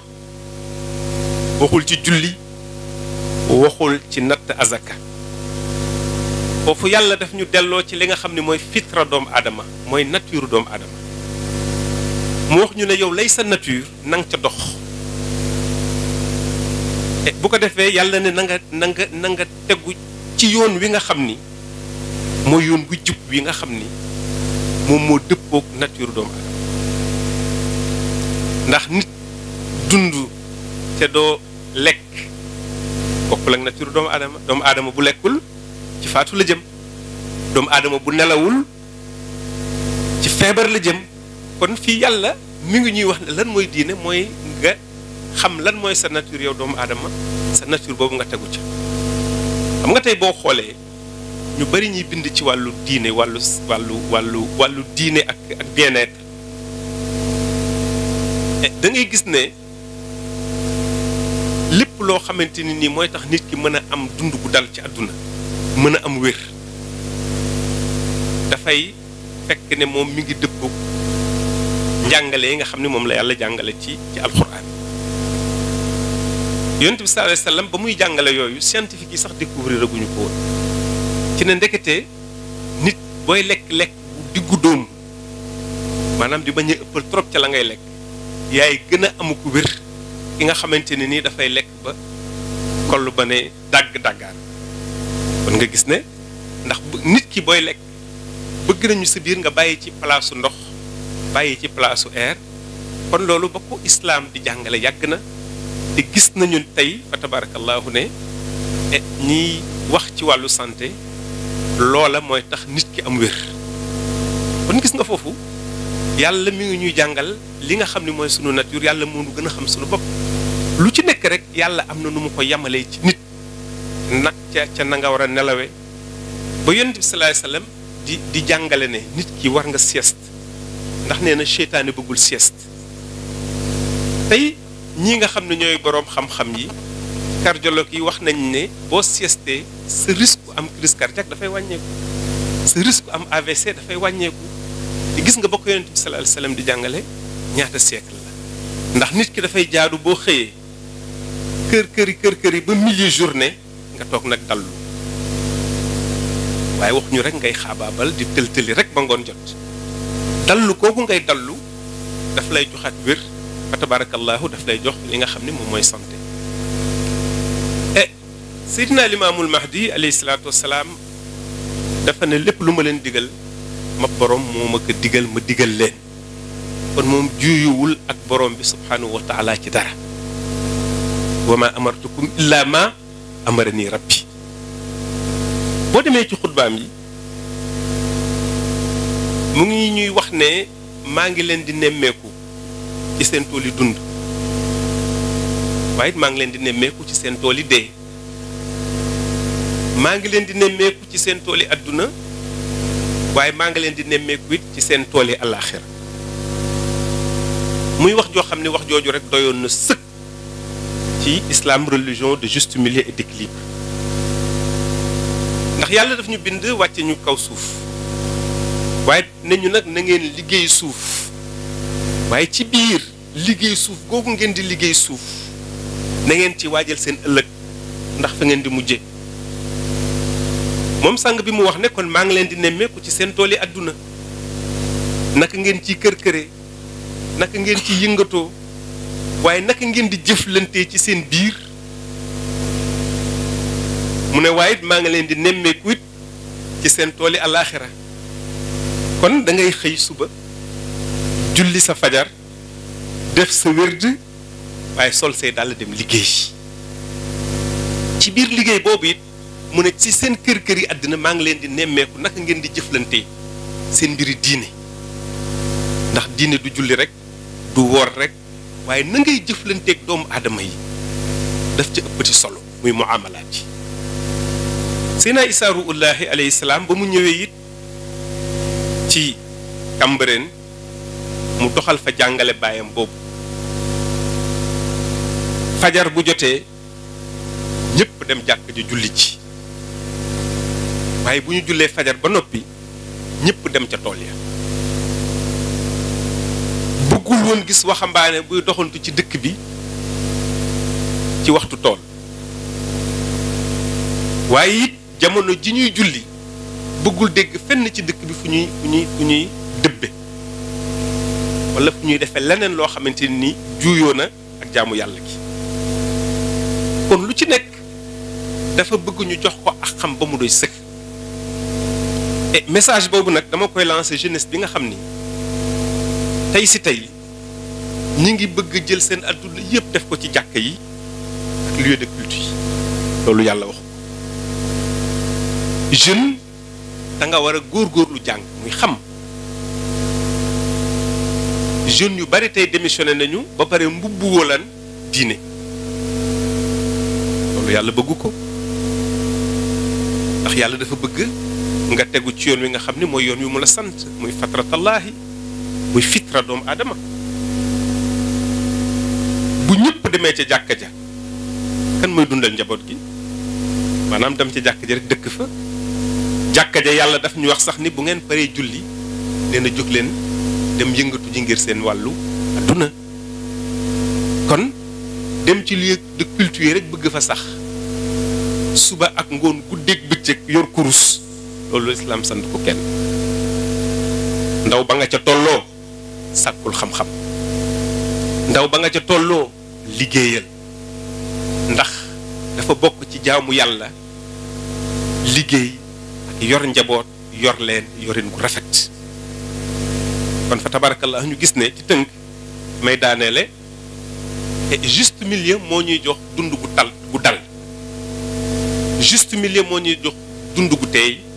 waxul ci julli waxul ci natt azaka foofu yàlla daf ñu delloo ci li nga xam ne mooy fitra doomu aadama mooy nature doomu aadama mu wax ñu ne yow lay sa nature nang ca dox te bu ko defee yàlla ne na nga tegu ci yoon wi nga xam ni mooy yoon bu jub wi nga xam ni moom moo dëppook nature doomu aadama ndax nit dund te doo lekk bokkul ak nature doomu aadama doomu aadama bu lekkul ci faatu la jëm doomu aadama bu nelawul ci feebar la jëm kon fii yàlla mu ngi ñuy wax lan mooy diine mooy nga xam lan mooy sa nature yow doomu aadama sa nature boobu nga tegu ca xam nga tey boo xoolee ñu bari ñuy bind ci wàllu diine wàllu wàllu wàllu wàllu diine ak ak bien-être eh, gis ne lépp loo xamante ni nii mooy tax nit ki mën a am dund bu dal ci àdduna mën a am wér dafay fekk ne moom mi ngi dëppoo njàngale yi nga xam ne moom la yàlla jàngale ci ci alxuraan yonent bi sallallahu alayhi ba muy jàngale yooyu scientifique yi sax découvrir aguñu ko woon ci ne ndekete nit boy lek lek di gudum manam di bañe eppal trop ci la ngay lek yaay gëna a amu ko wér ki nga xamanteni ni da fay lek ba kollu bané dag dagar kon nga gis ne ndax nit ki boy lek bëgg nañu sa biir nga bayyi ci place ndox bayyi ci place air kon lolu baku Islam di jangale yag na te gis nañu tay fa tabarakallah ne ni eh, wax ci walu santé loola mooy tax nit ki am wér kon gis nga foofu yàlla mi ngi ñuy jàngal li nga xam ne mooy sunu nature yàlla moo nu gën a xam sunu bopp lu ci nekk rek yàlla am na nu mu ko yamalee ci nit nag ca ca na nga war a nelawe ba yonent bi salaay di di jàngale ne nit ki war nga sieste ndax nee na seytaane bëggul sieste tey ñii nga xam ne ñooy boroom xam-xam yi cardiologue yi wax nañ ne boo sieste sa risque am crise cardiaque dafay wàññeeku sa risque am AVC dafay wàññeeku te gis nga bokk yonent bi sallallahu alayhi di jàngale ñaata siècle la ndax nit ki dafay jaadu boo xëyee kër kër kër kër yi ba milieu journée nga toog nag dallu waaye waxuñu rek ngay xaabaabal di tëltëli rek ba ngoon jot dallu kooku ngay dallu daf lay joxaat wér fa tabarakallahu daf lay jox li nga xam ne moom mooy santé seydina limaamul mahdi alayhi salaatu wasalaam dafa ne lépp lu ma leen digal ma borom moo ma ko digal ma digal leen kon moom juuyuwul ak borom bi subhaanahu wa taala ci dara wa ma amartukum illa ma amarani rabbi boo demee ci xutbaam yi mu ngi ñuy wax ne maa ngi leen di nemmeeku ci seen tool yi dund waaye it maa ngi leen di nemmeeku ci seen tool yi dee maa ngi leen di nemmeeku ci seen tool yi àdduna waaye maa ngi leen di nemmeeku it ci seen tool yi àllaaxira muy wax joo xam ne wax jooju rek doyoon na sëkk ci islam religion de juste milieu et d'équilibre ndax yàlla daf ñu bind wàcce ñu kaw suuf waaye nañu nag nangeen ngeen liggéey suuf waaye ci biir liggéey suuf googu ngeen di liggéey suuf na ngeen ci waajal seen ëllëg ndax fa ngeen di mujje moom sang bi mu wax ne kon maa ngi leen di nemmeeku ci seen tool yi àdduna naka ngeen ci kër këre naka ngeen ci yëngatoo waaye naka ngeen di jëflantee ci seen biir mu ne waaye it maa ngi leen di nemmeeku it ci seen tool yi alaaxira kon dangay xëy suba julli sa fajar def sa wérd waaye sol say dàll dem liggéey ci biir liggéey boobu it mu ne ci seen kër kër yi àddina maa ngi leen di nemmeeku naka ngeen di jëflante seen mbiri diine ndax diine du julli rek du woor rekk waaye na ngay jëflanteeg doomu aadama yi daf ci ëppati solo muy muamalaat yi Seydina Isaa Ruullaahi alayhi salaam ba mu ñëwee it ci Cambérène mu doxal fa jàngale baayam boobu fajar bu jotee ñépp dem jàkk ji julli ci waaye bu ñu jullee fajar ba noppi ñépp dem ca tool ya bëggul woon gis waxambaane buy doxantu ci dëkk bi ci waxtu tool waaye it jamono ji ñuy julli bëggul dégg fenn ci dëkk bi fu ñuy fu ñuy fu ñuy dëbbe wala fu ñuy defe leneen loo xamante ni juuyoo na ak jaamu yàlla gi kon lu ci nekk dafa bëgguñu jox ko ak xam ba mu doy sëkk Eh, message boobu nag dama koy lancer jeunesse bi nga xam ni tey si tey ñi ngi bëgg jël seen adduna yëpp def ko ci jàkk yi ak lieu de culte yi loolu yàlla wax jeune danga war a góor góor lu jàng muy xam jeunes yu bari tey démissionné nañu ba pare mbubbu woolan diine loolu yàlla bëggu ko ndax yàlla dafa bëgg nga teggu ci yoon wi nga xam ni mooy yoon wi mu la sant muy fatratallaahi muy fitra aadama bu ñëpp demee ca jàkka ja kan mooy dundal njaboot gi maanaam dem ca jàkka ja rek dëkk fa jàkka ja yàlla daf ñu wax sax ni bu ngeen paree julli nee jóg leen dem yëngatu ji ngir seen wàllu aduna kon dem ci lieu de culture rek bëgg fa sax suba ak ngoon guddeeg bëccëg yor kurus loolu lislaam sant ko kenn ndaw ba nga ca tolloo sàkkul xam-xam ndaw ba nga ca tolloo liggéeyal ndax dafa bokk ci jaamu yàlla liggéey ak yor njaboot yor leen yorin gu rafet kon fa tabarakallah ñu gis ne ci tënk may daaneele et juste milieu moo ñuy jox dund gu tal gu dal juste milieu moo ñuy jox dund gu teey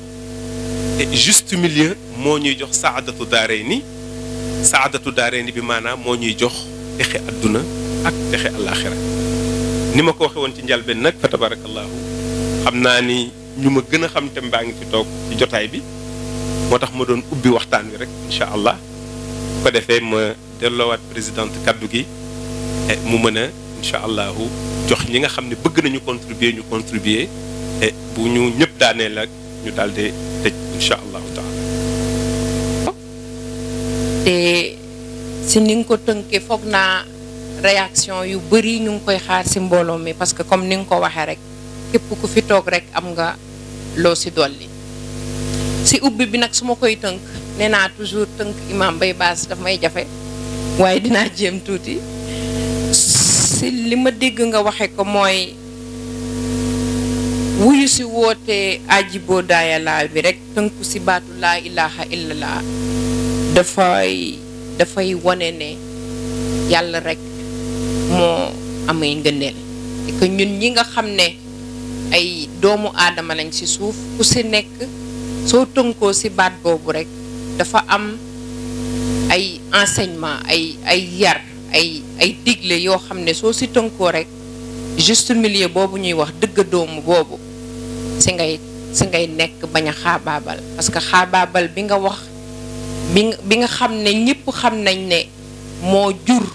te juste milieu moo ñuy jox saadatu daarey ni saadatu daarey ni bi maanaam moo ñuy jox texe àdduna ak texe alaxira ni ma ko waxee woon ci njalbeen nag fa tabarakallahu xam naa ni ñu ma gën a xam te mbaa ngi fi toog ci jotaay bi moo tax ma doon ubbi waxtaan wi rek incha allah bu ko defee ma delloowaat présidente kaddu gi mu mën a incha allahu jox ñi nga xam ne bëgg nañu contribuer ñu contribuer bu ñu ñëpp daanee la ñu daal di tëj te si ni nga ko tënkee foog naa réaction yu bëri ñu ngi koy xaar ci mbooloo mi parce que comme ni nga ko waxee rek képp ku fi toog rek am nga loo si dolli. si ubbi bi nag su ma koy tënk nee naa toujours tënk imam bay baas daf may jafe waaye dinaa jéem tuuti si li ma dégg nga waxe ko mooy. wuyu si woote ajiboo daaya bi rek tënku si baatu laa ilaha illallah dafay dafay wane ne yàlla rek moo amay ngëneel et ñun ñi nga xam ne ay doomu aadama lañ ci suuf ku si nekk soo tënkoo si baat boobu rek dafa am ay enseignement ay ay yar ay ay digle yoo xam ne soo si tënkoo rek juste milieu boobu ñuy wax dëgg doomu boobu si ngay si ngay nekk bañ a xaabaabal parce que xaabaabal bi nga wax bi bi nga xam ne ñëpp xam nañ ne moo jur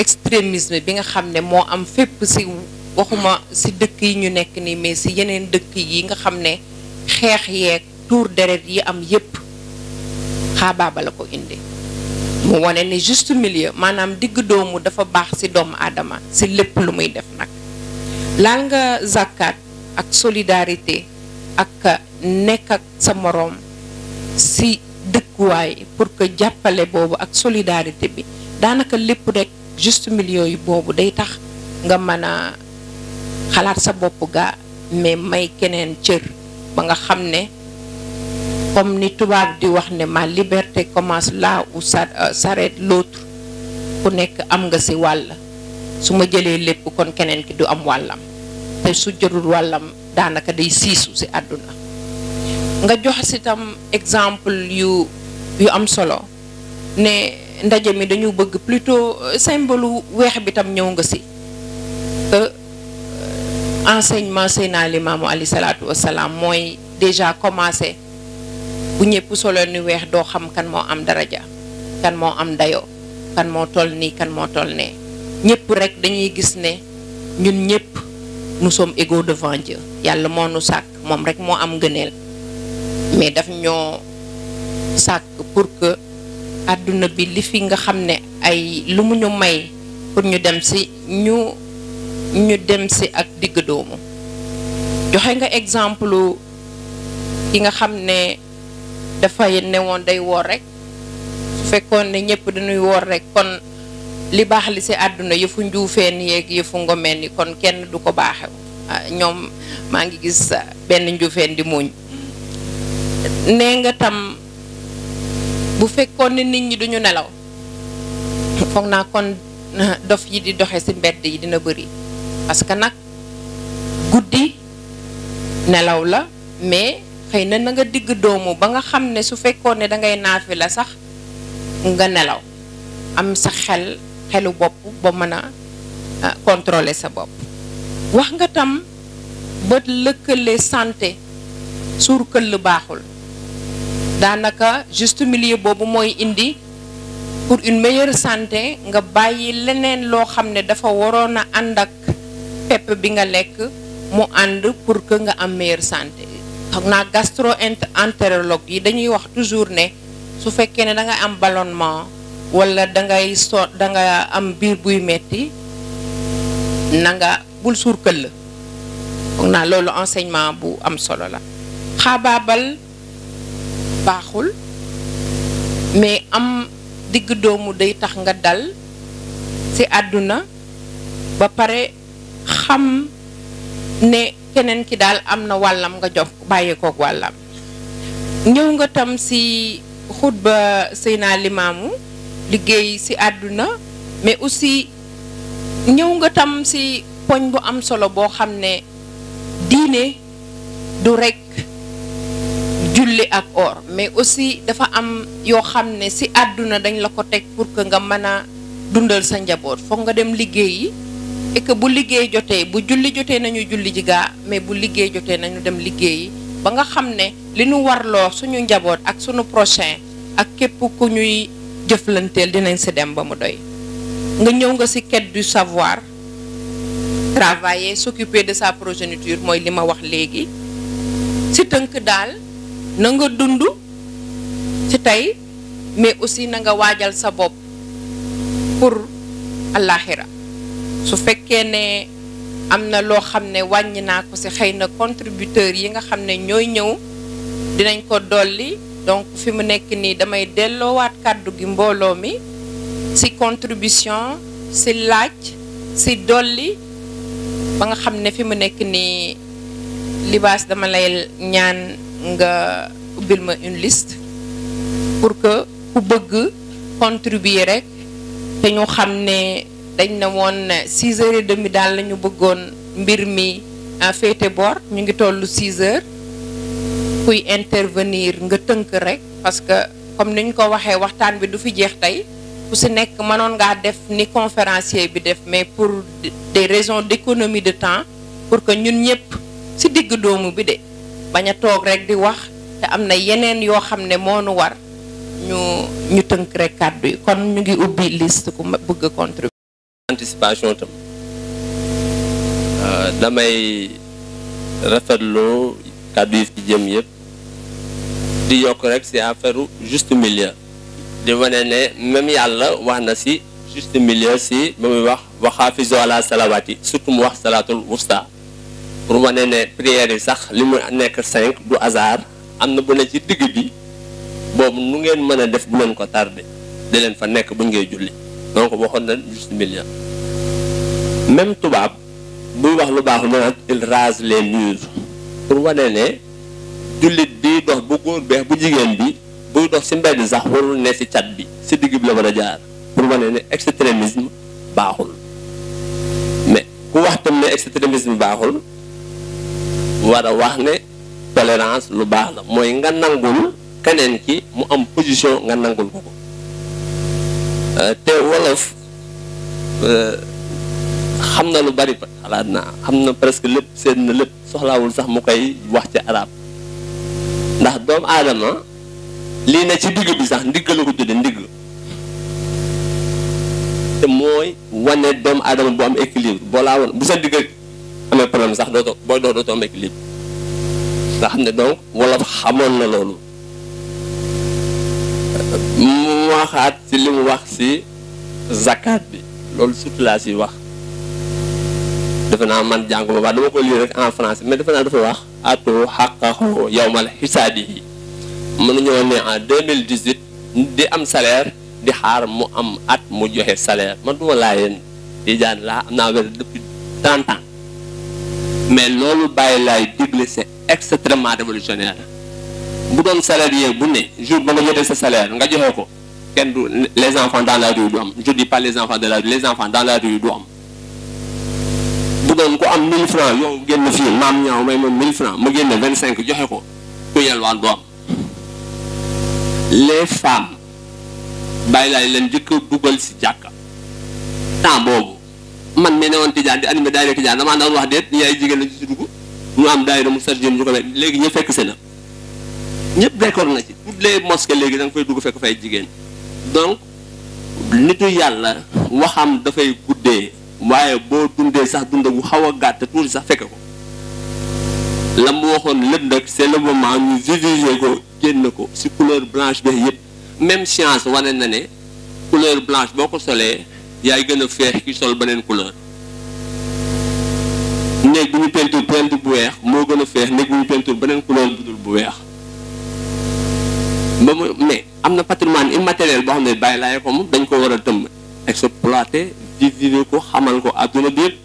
extrémisme bi nga xam ne moo am fépp si waxuma si dëkk yi ñu nekk nii mais si yeneen dëkk yi nga xam ne xeex yeeg tuur deret yi am yépp xaabaaba la ko indi mu wane ni juste milieu maanaam digg doomu dafa baax si doomu aadama si lépp lu muy def nag laal nga zàkkaat ak solidarité ak nekk ak sa moroom si dëkkuwaay pour que jàppale boobu ak solidarité bi daanaka lépp rek juste milieu yi boobu day tax nga mën a xalaat sa bopp gaa mais may keneen cër ba nga xam ne comme ni tubaab di wax ne ma liberté commence là où euh, s'arrête l'autre ku nekk am nga si wàll su ma jëlee lépp kon keneen ki du am wàllam te su jëlul wàllam day sisu si aduna nga jox sitam example yu yu am solo ne ndaje mi dañu bëgg plutôt euh, symbole weex bi tam ñew nga si euh, enseignement Seydina Limaamu ali salatu wassalam moy déjà commencé bu ñepp solo ni weex do xam kan mo am daraja kan mo am dayo kan mo toll ni kan mo toll ne ñepp rek dañuy gis ne ñun ñepp nous sommes de devant Dieu yàlla moo nu sàkk moom rek moo am ngëneel mais daf ñoo sàkk pour que àdduna bi li fi nga xam ne ay lu mu ñu may pour ñu dem si ñu ñu dem si ak digg doomu joxe nga exemple ki nga xam ne dafay newoon day woor rek su fekkoon ne ñëpp dañuy woor rek kon li baax li si àdduna yëfu njuufeen yeeg yëfu ngomeen ni kon kenn du ko baaxew ah, ñoom maa ngi gis benn njuufeen di muuñ nee nga tam bu fekkoon ne nit ñi duñu nelaw foog naa kon ah, dof yi di doxe si mbedd yi dina bëri parce que nag guddi nelaw la mais xëy na na nga digg doomu ba nga xam ne su fekkoon ne dangay naafi la sax nga nelaw am sa xel xelu bopp ba mën a euh, contrôler sa bopp wax nga tam ba lëkkale santé suur këll baaxul daanaka juste milieu boobu mooy indi pour une meilleure santé nga bàyyi leneen loo xam ne dafa waroon a ànd ak pepp bi nga lekk mu ànd pour que nga am meilleure santé xam naa gastro entérologue yi dañuy wax toujours ne su fekkee ne da am ballonnement wala dangay so danga am biir buy metti na nga bul suur këll loolu enseignement bu am solo la xaabaabal baaxul mais am digg doomu day tax nga dal ci àdduna ba pare xam ne keneen ki daal am na wàllam nga jox bàyyi koog wàllam ñëw nga tam ci xutba Seydina Limaamu liggéey ci àdduna mais aussi ñëw nga tam ci poñ bu am solo boo xam ne diine du rekk julli ak or mais aussi dafa am yoo xam ne ci àdduna dañ la ko teg pour que nga mën a dundal sa njaboot foog nga dem liggéey yi et que bu liggéey jotee bu julli jotee nañu julli ji mais bu liggéey jotee nañu dem liggéeyi ba nga xam ne li nu warloo suñu njaboot ak suñu prochain ak képp ku ñuy jëflanteel dinañ si dem ba mu doy nga ñëw nga si quête du savoir travailler s'occuper de sa progéniture mooy li ma wax léegi si tënk daal na nga dund ci tey mais aussi na nga waajal sa bopp pour àllaaxira su fekkee ne am na loo xam ne wàññi naa ko si xëy na contributeurs yi nga xam ne ñooy ñëw dinañ ko dolli donc fi mu nek ni damay wat kaddu gi mbolo mi si contribution si laaj si dolli ba nga xamne ne fi mu nek ni libas dama lay ñaan nga ubil ma une liste pour que ku bëgg contribuer rek te ñu xam dañ na won 6h30 dal lañu bëggoon mbir mi fété bor ñu ngi tollu 6h kuy intervenir nga tënk rek parce que comme ni ñu ko waxee waxtaan bi du fi jeex tey ku si nekk mënoon ngaa def ni conférencier bi def mais pour des raisons d'économie de temps pour que ñun ñëpp si digg doomu bi de bañ a toog rek di wax te am na yeneen yoo xam ne moo nu war ñu ñu tënk rek kàddu yi kon mu ngi ubbi list ku bëgg a contribuer. anticipation tam euh, damay kàddu yi fi jëm yëpp. di yokk rek si affaire juste milieu di wane ne même yàlla wax na si juste milieu si ba muy wax waxaafizu ala salawaat yi surtout mu wax salaatul wusta pour wane ne prière yi sax li mu nekk cinq du hasard am na bu ne ci digg bi boobu nu ngeen mën a def bu leen ko tardé di leen fa nekk buñ ngeen julli donc waxoon na juste milieu même tubaab buy wax lu baax lu naan il rase les murs pour wane ne. jullit bi dox bu góor beex bu jigéen bi buy dox si mbedd sax warul ne si cat bi si digg bi la war a jaar pour wane ne extrémisme baaxul mais ku wax tam ne extrémisme baaxul war a wax ne tolérance lu baax la mooy nga nangul keneen ki mu am position nga nangul ko ko euh, te wolof euh, xam na lu bari xalaat naa xam na presque lépp seen na lépp soxlaawul sax mu koy wax ci arab ndax doomu aadama lii ne ci digg bi sax ndigg la ko tudde ndigg te mooy wane doomu aadama bu am équilibre boo laa woon bu sa digg amee problème sax doo booy doo dootoo am équilibre nga xam ne donc wolof xamoon na loolu mu waxaat ci li mu wax ci zakat bi loolu surtout laa ci wax defe naa man jàng ma baax dama ko lire rek en français mais defe naa dafa wax atu xaqaxoo yowmal xisaadi yi mënuñoo ne en 2018 di am salaire di xaar mu am at mu joxe salaire man duma laa yéen di jaan laa am naa wér depuis 30 ans mais loolu bàyyi laay digle c'est extrêmement révolutionnaire bu doon salarié bu ne jour ba nga jotee sa salaire nga joxe ko kenn du les enfants dans la rue du am je dis pas les enfants la rue les enfants dans la rue du am doon ku am 1000 francs yow génn fii maam ñaaw may ma 1000 francs ma génne 25 joxe ko ku yalwaan doo am les femmes bàyyi laay leen jëkk dugal si jàkka temps boobu man mi ne woon tijaan di animé daayira tijaan damaa daan wax déet yaay jigéen la ci dugg ñu am daayira mu sarjin ñu ko wet léegi ñu fekk si na ñëpp d'accord na ci toutes les léegi da nga fay dugg fekk fay jigéen donc nitu yàlla waxam dafay guddee waaye boo dundee sax dund gu xaw a gàtt tuuti sax fekke ko la mu waxoon lépp nag c'est le moment ñu diviser ko génn ko si couleur blanche bi yëpp même science wane na ne couleur blanche boo ko solee yaay gën a feex ki sol beneen couleur néeg bu ñu peinture peinture bu weex moo gën a feex néeg bu ñu peinture beneen couleur bu dul bu weex ba mu mais am na patrimoine immatériel boo xam ne bàyyi laay ko moom dañ ko war a dëmm exploité diddini ko xamal ko àdduna bi yëpp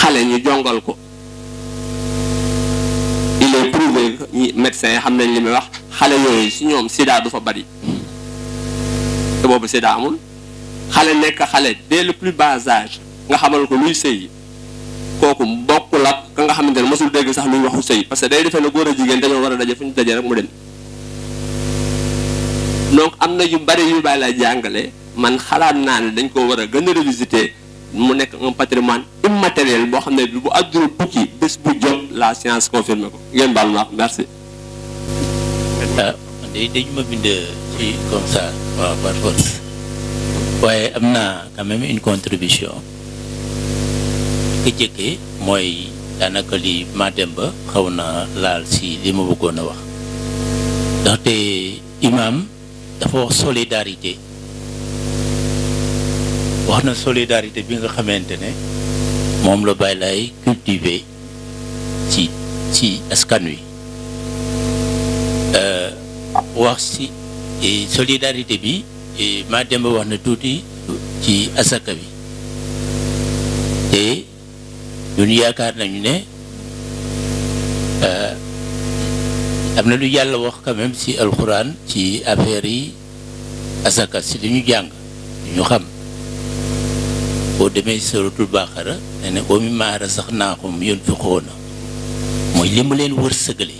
xale ñu jongal ko il est prouvé que médecin yi xam nañ li muy wax xale yooyu si ñoom sida du fa bari te boobu sida amul xale nekk xale dès le plus bas âge nga xamal ko luy sëy kooku bokkul la ka nga xamante ni mosul dégg sax luy waxu sëy parce que day defee ne góor a jigéen dañoo war a daje fu ñu daje rek mu dem donc am na yu bari yu bàyyi la jàngale man xalaat naa ne dañ ko war a gën a revisiter mu nekk un patrimoine immatériel boo xam ne bu àdduna tukki bés bu jot la science confirmé ko ngeen baal ma merci. Ah, dañu ma bind ci comme ça waaw par force waaye am na quand une contribution ki jëkkee mooy daanaka li ma ba xaw na laal si li ma bëggoon a wax ndaxte imam dafa wax solidarité. wax solidarité bi nga xamante ne moom la cultivé ci ci askan wi euh, wax ci solidarité bi maa dem wax na tuuti ci asaka bi te ñun yaakaar nañu ne euh, am na lu yàlla wax quand même ci alxuraan ci affaire yi asaka si li ñu jàng ñu xam boo demee suratul baqara ne ne wa mimmaa razaqnaahum yunfiquuna mooy li ma leen wër sëgale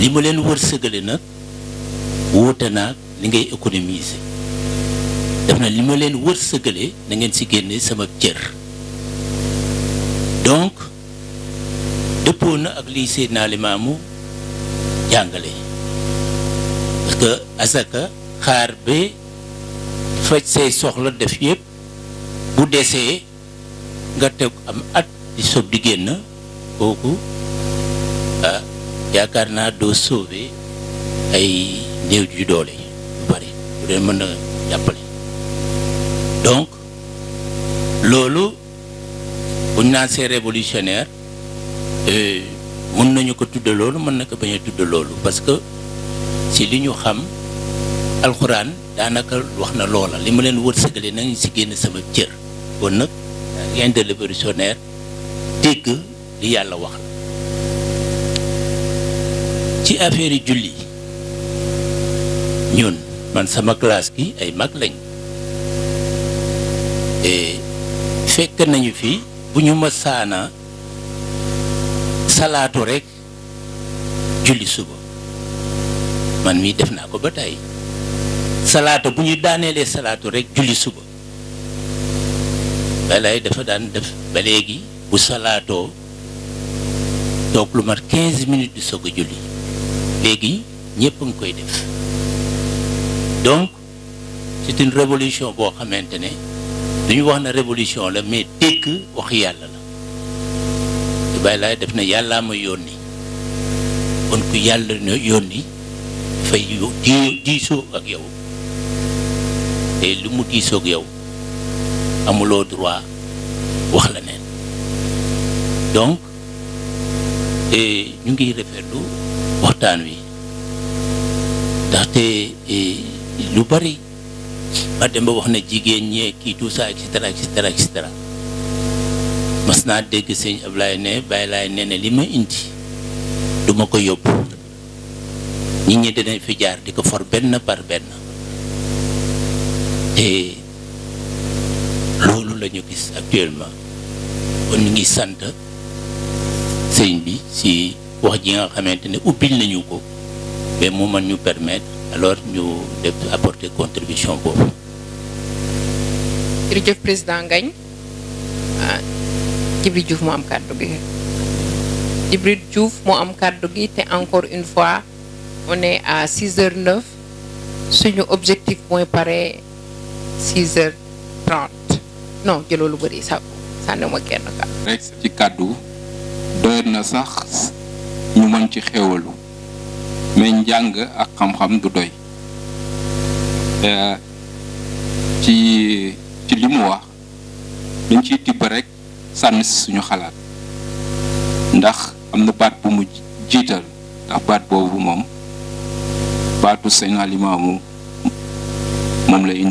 li ma leen wër sëgale nag wuute naag li ngay économiser def na li ma leen wër sëgale na si génne sama cër donc dëppoo na ak lii Seydina mu jàngale parce que asaka xaar ba faj say soxla def yépp bu desee nga teg am at di sob di génn kooku ah yaakaar naa doo sauver ay néew ju doole yu bari bu mën na jàppale donc loolu buñ naan c'est révolutionnaire euh, mën nañu ko tudde loolu mën na ko bañ a loolu parce que si li ñu xam alxuraan daanaka wax na loola li ma leen wërsëgale nañ si génn sama cër kon nag rien de révolutionnaire yàlla wax la ci affaire yi ñun man sama classe gi ay mag lañ fekk nañu fi bu ñu ma saana salaatu rek julli suba man mii def naa ko ba tey salaatu bu ñu daaneelee salaatu rek julli suba balaay dafa daan def ba léegi bu salaatoo toog lu mat 15 minutes di soog julli léegi ñëpp a koy def donc c'est une révolution boo xamante ne duñu wax na révolution la mais dégg wax yàlla la te bàyyi laay def na yàllaa ma yónni kon ku yàlla na yónni dafay diisoo ak yow te lu mu diisoo yow amuloo droit wax la neen donc ñu ngi rafetlu waxtaan wi ndaxte lu bari ma ba wax na jigéen ñee kii tout ça et cetera mas naa dégg sëñ Ablaye ne bàyyi laay nee li ma indi duma ko yóbbu nit ñi dinañ fi jaar di ko for benn par benn te nous ñu actuellement kon ñu ngi sant sëñ bi si wax ji nga xamante ne nañu ko mais nous mën ñu permettre alors ñu def apporter contribution Je suis président Ngagne de ah, Djibril Diouf moo am kàddu gi Djibril Diouf moo am kàddu gi te encore une fois on est à 6 h 9 suñu objectif est à 6 h 30. non jëloo lu bëri sa sànni ma kenn ka rek ci kàddu doy na sax ñu mën ci xéwalu mais njàng ak xam-xam du doy eh, ci ci li mu wax dañ ciy tibb rek sànni si suñu xalaat ndax am baat bu mu ndax baat baatu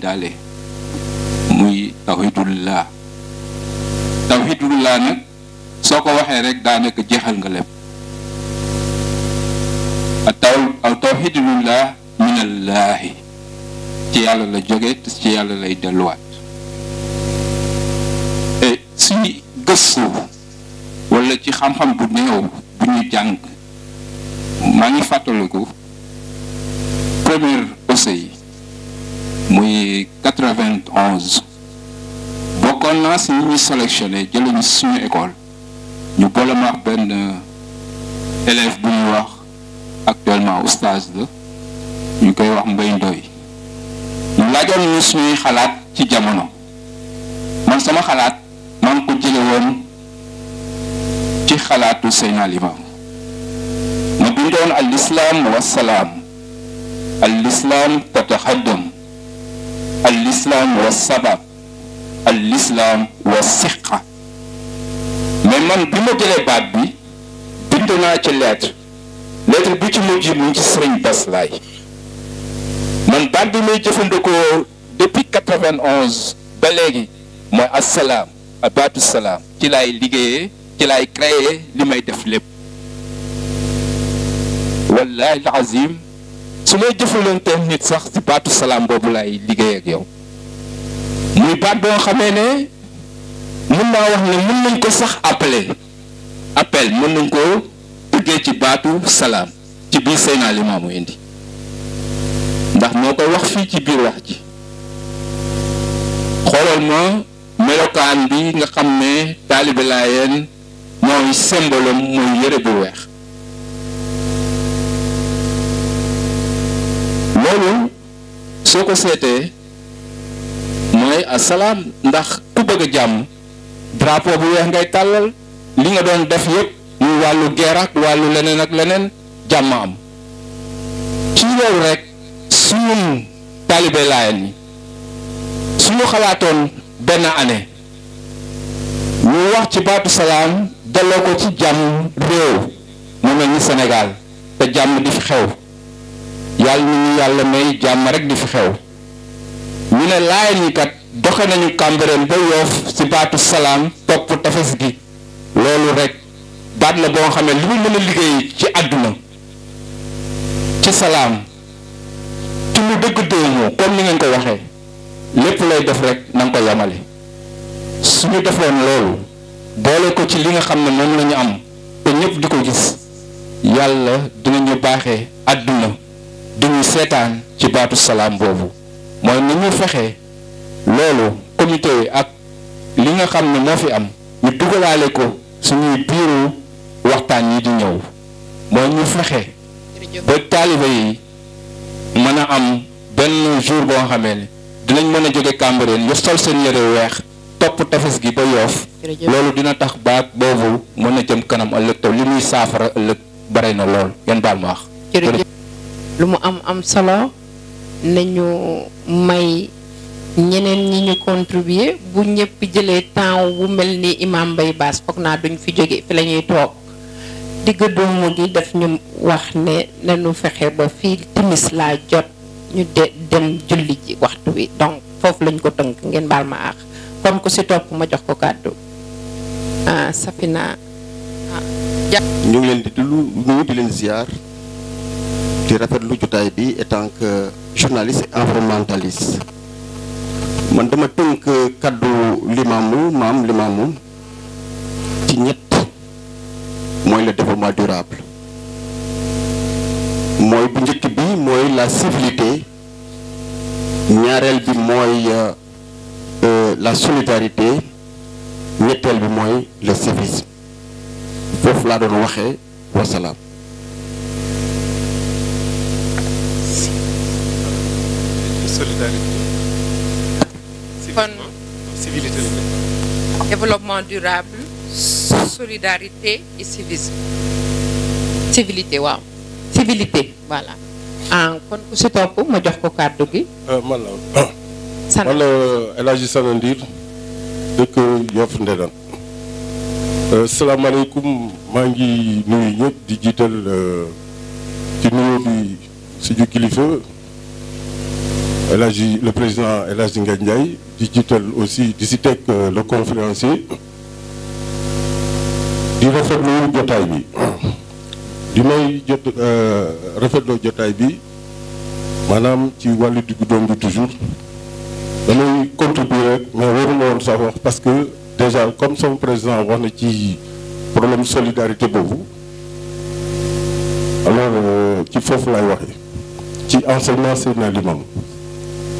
la tawhidullah tawhidullah nag soo ko waxee rek daanaka jeexal nga lépp ataw aw tawhidullah minallaahi ci yàlla la jóge te ci yàlla lay delluwaat et si gëstu wala ci xam-xam bu néew bu jàng maa ngi fàttaliku première OCI muy quatre-vingt-onze concordance ñi ñu sélectionné jël jëluñu suñu école ñu boole ma wax benn élève bu ñuy wax actuellement oustaz de ñu koy wax Mbaye ndoy ñu laajoon ñu suñuy xalaat ci jamono man sama xalaat maa ngi ko jële woon ci xalaatu Seydina Limaamu ma bindoon al islam salaam al islam tataxaddam al islam wa sabab al islam wa siqa mais man bima jélé jëlee baat bi bind naa ci lettre lettre bi ci mujj mu ci sëriñ Bass Laye man baat bi may jëfandikoo depuis 91 ba léegi mooy assalaam abaatu salam ci lay liggéeyee ci lay créé limay def lépp wallahi alazim su may jëfalanteen nit sax ci baatu salam bobu lay liggéey ak yow muy baat boo xamee ne mën naa wax ne mën nañ ko sax appeler appel mën nañ ko tuddee ci baatu salaam ci biir Seydina Limaamu indi ndax moo koy wax fii ci biir wax ji xoolal ma melokaan bi nga xam ne taalibe Laayeen mooy symbole mooy yëre bu weex loolu soo ko seetee mooy asalaam ndax ku bëgg jàmm drapeau bu weex ngay tàllal li nga doon def yëpp muy wàllu guerre ak wàllu leneen ak leneen jàmm am ci loolu rek suñu taalibe Laayeen ñi suñu xalaatoon benn année ñu wax ci baatu salaam delloo ko ci jàmm réew mu mel ni Sénégal te jàmm di fi xew yàlla na ñu yàlla may jàmm rek di fi xew ñu ne Laayeen doxe nañu Cambérène ba Yoff ci baatu salaam topp tefes gi loolu rek baat la boo xam ne li mu mën liggéey ci àdduna ci salaam ci lu dëgg doomu comme ni ngeen ko waxee lépp lay def rek na ko yamale suñu defoon loolu boole ko ci li nga xam ne moom lañu am te ñëpp di ko gis yàlla dinañu baaxee àdduna duñu seetaan ci baatu salaam boobu mooy ni ñu fexe loolu comité yi ak li nga xam ne moo fi am ñu dugalaale ko suñuy biiru waxtaan yi di ñëw mooy ñu fexe ba taalibe yi mën a am benn jour boo xamee ne dinañ mën a jóge Cambérène ñu sol seen yére weex topp tefes gi ba yoof loolu dina tax baat boobu mën a jëm kanam ëllëg te li muy saafara ëllëg bare na lool ngeen baal ma wax. lu mu am am solo nañu may. ñeneen ñi ñu contribuer bu ñëpp jëlee temps bu mel ni imam Mbaye Bass foog naa duñ fi jóge fi la ñuy toog digg doomu gi daf ñu wax ne nañu fexe ba fii timis laa jot ñu de dem julli ji waxtu wi donc foofu lañ ko tënk ngeen baal ma àq kon ku si topp ma jox ko kàddu ah Safina ah, ñu ngi leen di dulu nuyu di leen ziar di rafet lu jotaay bi en tant journaliste et man dama tënk kaddu limaamu maam limaamu ci ñett mooy le développement durable mooy bu njëkk bi mooy la civilité ñaareel bi mooy euh, euh, la solidarité ñetteel bi mooy le civisme foofu laa doon waxee wasalaam. solidarité kon hein? civilité développement durable solidarité et civisme civilité waaw civilité voilà ah kon ku si topp ma jox ko kàddu gi euh, man la man la euh, El Hadji Sana Ndir dëkk Yoff Ndedan euh, salaamaaleykum maa ngi nuyu ñëpp di jiital ci nuyu bi suñu kilifa le président Elas Ndiaye di aussi di euh, le conférencier di le jotaay bi di le jot euh, le jotaay bi qui ci wàllu du doom toujours elle contribuer contribué mais je woon sax savoir parce que déjà comme son président wax a ci problème solidarité pour vous. alors faut faut faire. waxee ci c'est un élément.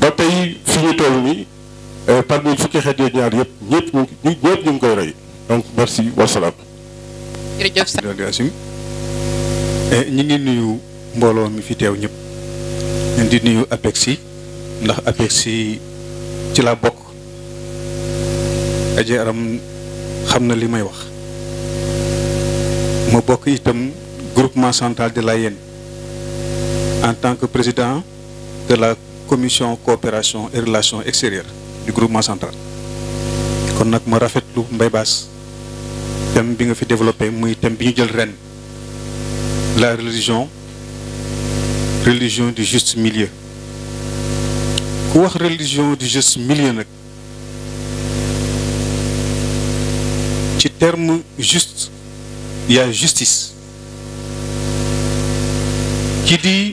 ba tey fi ñu toll ni parmi eh, fukki xet yeeg ñaar yëpp ñëpp ñu ñëpp ñu ngi koy roy donc merci wasalaam jërëjëf délégation eh, ñi ngi nuyu mbooloo mi fi teew ñëpp ñu di nuyu apex yi ndax apex yi ci la bokk aje aram xam na li may wax ma bokk itam groupement central de la yenne en tant que président de la commission coopération et relations extérieures du groupement central ma la religion religion du juste milieu Quoi religion du juste milieu le terme juste il y a justice qui dit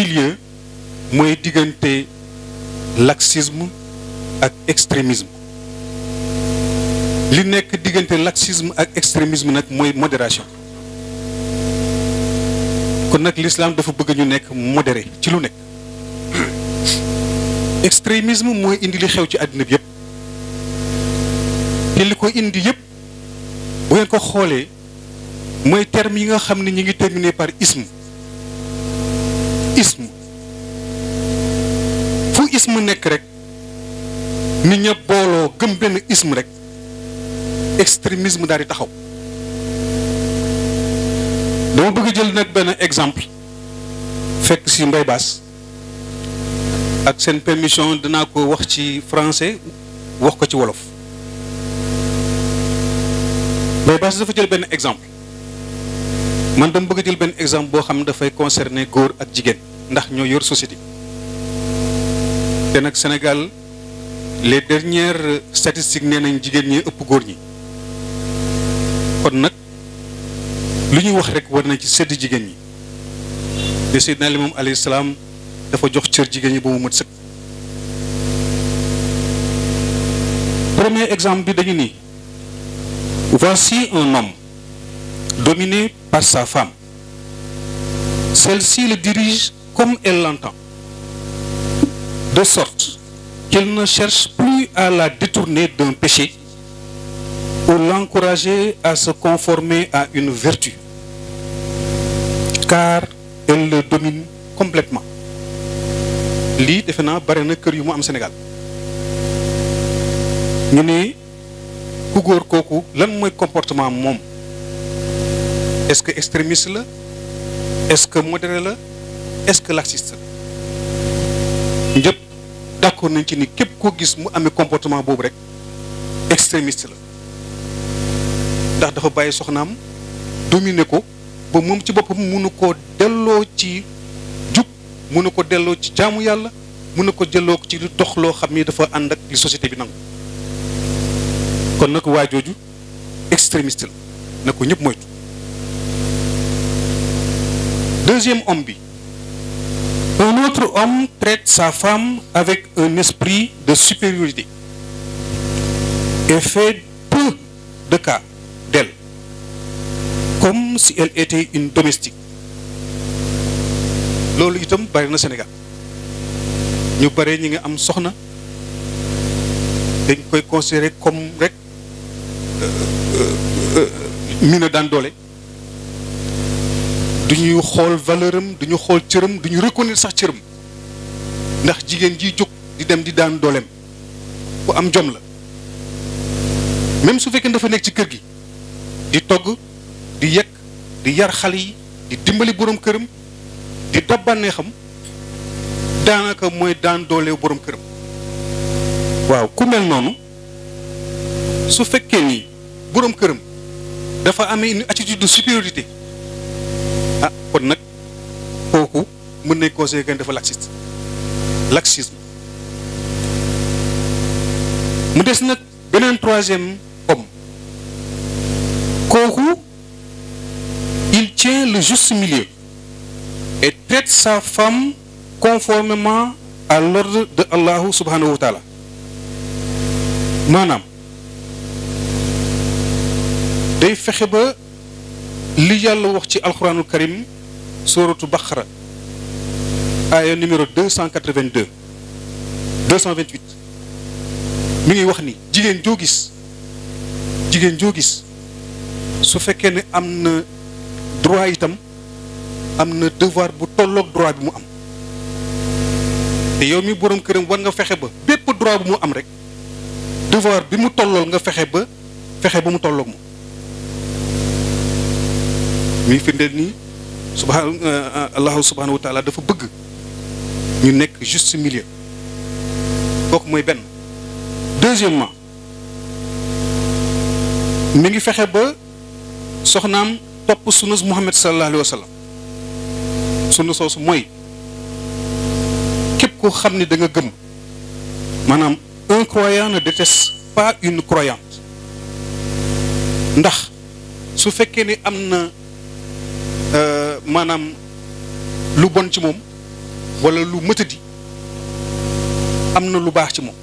milieu mooy diggante laxisme ak extrémisme li nekk diggante laxisme ak extrémisme nag mooy modération kon nag l'islam dafa bëgg ñu nekk modéré ci lu nekk extrémisme mooy indi li xew ci àddina bi yëpp te li ko indi yëpp bu ngeen ko xoolee mooy terme yi nga xam ne ñu ngi terminé par isme isme ism nek rek nit ñe bolo gëm dari ism rek extrémisme dari taxaw do bëgg jël nak ben exemple fekk ci mbay bass ak sen permission dana ko wax ci français wax ko ci wolof mbay bass dafa jël ben exemple man dama bëgg jël ben exemple boo xam fay concerner góor ak jigen ndax ñoo yor société Dans le Sénégal les dernières statistiques n'ont pas été ñi ëpp góor ñi kon nag lu ñuy wax rek war na ci sedd jigéen ñi de Seydina Limaamu alayhi salaam dafa jox mu premier exemple bi dañu voici un homme dominé par sa femme celle-ci le dirige comme elle l'entend de sorte qu'elle ne cherche plus à la détourner d'un péché ou l'encourager à se conformer à une vertu, car elle le domine complètement. C'est ce un kër Sénégal ñu ne ku de lan comportement est-ce que extrémiste est-ce que modéré est-ce que laxiste d'accord nañ ci ni képp koo gis mu amee comportement boobu rek extrémiste la ndax dafa bàyyi soxnaam dominé, ko ba moom ci boppam mënu ko delloo ci jub mënu ko delloo ci jaamu yàlla mënu ko jëlloo ci lu dox loo xam ni dafa ànd ak li société bi nangu kon nag waa jooju extrémiste la na ko ñëpp moytu deuxième homme bi un autre homme traite sa femme avec un esprit de supériorité et fait peu de cas d'elle, comme si elle était une domestique. nous itam bari na Sénégal ñu bari ñi nga am soxna koy considérer comme rek euh, euh, euh, euh du ñuy xool valeur duñu xool cëram duñu ñu sax cëram ndax jigéen ji jóg di dem di daan dooleem bu am jom la même su fekkee dafa nekk ci kër gi di togg di yekk di yar xale yi di dimbali borom këram di dabbannee xam daanaka mooy daan dooleew borom këram waaw ku mel noonu su fekkee ni boroom këram dafa amee une attitude de supériorité kon nag kooku mën nañ conseiller dafa laxiste laxisme mu des nag troisième homme koku il tient le juste milieu et traite sa femme conformément à l'ordre de Allah subhanahu wa taala manam day fexe ba li yàlla wax ci alcorane karim sourate à un numéro 282 228 mi ngi wax ni jigéen joo gis jigéen joo gis su fekkee ne droit itam un devoir bu tolloog droit bi mu am te yow mi borom kërëm war nga fexé ba bépp droit bu mu am rek devoir bi mu tollol nga fexé ba fexé ba mu tollok fin mi ni euh, Allah allahu subhanahu wa taala dafa bëgg ñu nekk juste milieu kooku mooy benn deuxièmement mi ngi fexe ba soxnaam topp sunus muhammad sallallahu alayhi wa sallam sunna soosu mooy képp koo xam ne da nga gëm maanaam un croyant ne déteste pas une croyante ndax su fekkee ni am na maanaam lu bon ci moom wala lu mëtadi am na lu baax ci moom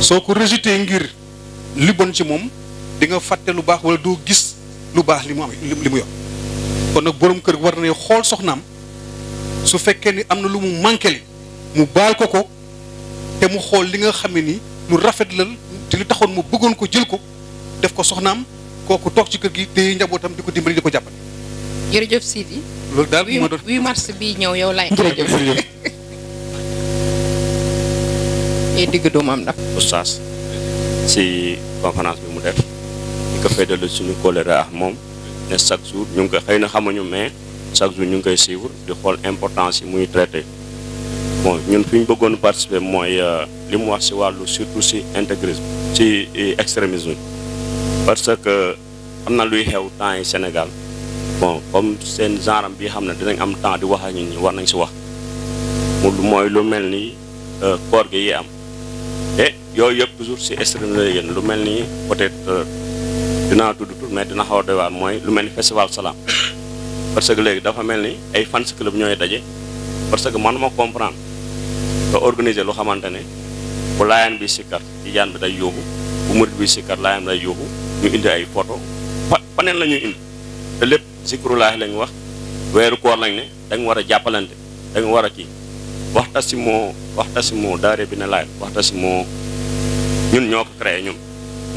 soo ko rejeté ngir li bon ci moom di fàtte lu baax wala doo gis lu baax li mu am li mu yor kon nag boroom kër war na xool soxnaam su fekkee ni am na lu mu manqué mu baal ko ko te mu xool li nga xam ne ni lu rafet la te lu taxoon mu bëggoon ko jël ko def ko soxnaam kooku toog ci kër gi te njabootam di ko dimbali di ko jàppale. jërëjëf Sidi. loolu daal ma doon 8 mars bii ñëw yow lay. jërëjëf jërëjëf. et eh, digg doomam nag. oustaz si conférence bi mu def di ko féetale suñu kóllëre ak moom ne chaque jour ñu ngi koy xëy na xamuñu mais chaque jour ñu ngi koy suivre di xool importance yi muy traité. bon ñun fi ñu bëggoon participer mooy euh, li mu wax si wàllu surtout si intégrisme si eh, extrémisme parce que am na luy xew temps yi Sénégal. bon comme seen genre am bi xam ne dinañ am temps di wax ak ñi war nañ si wax mu mooy lu mel ni euh, koor gi yi am te eh, yooyu yëpp toujours si extrême la yéen lu mel ni peut-être euh, dinaa tudd tur mais dina xaw a mooy lu mel ni festival salaam parce que léegi dafa mel ni ay fan fans club ñooy daje parce que man ma comprendre nga organiser lu xamante ne bu laayaan bi sikkar tijaan bi day yóbbu bu murit bi sikkar laayaan bi day ñu indi ay photo fa faneen la zikrullah lañ wax weeru koor lañ ne da nga war a jàppalante da nga war a kii waxtasimu waxtasimu daare bi na laay waxtasimu ñun ñoo ko créé ñun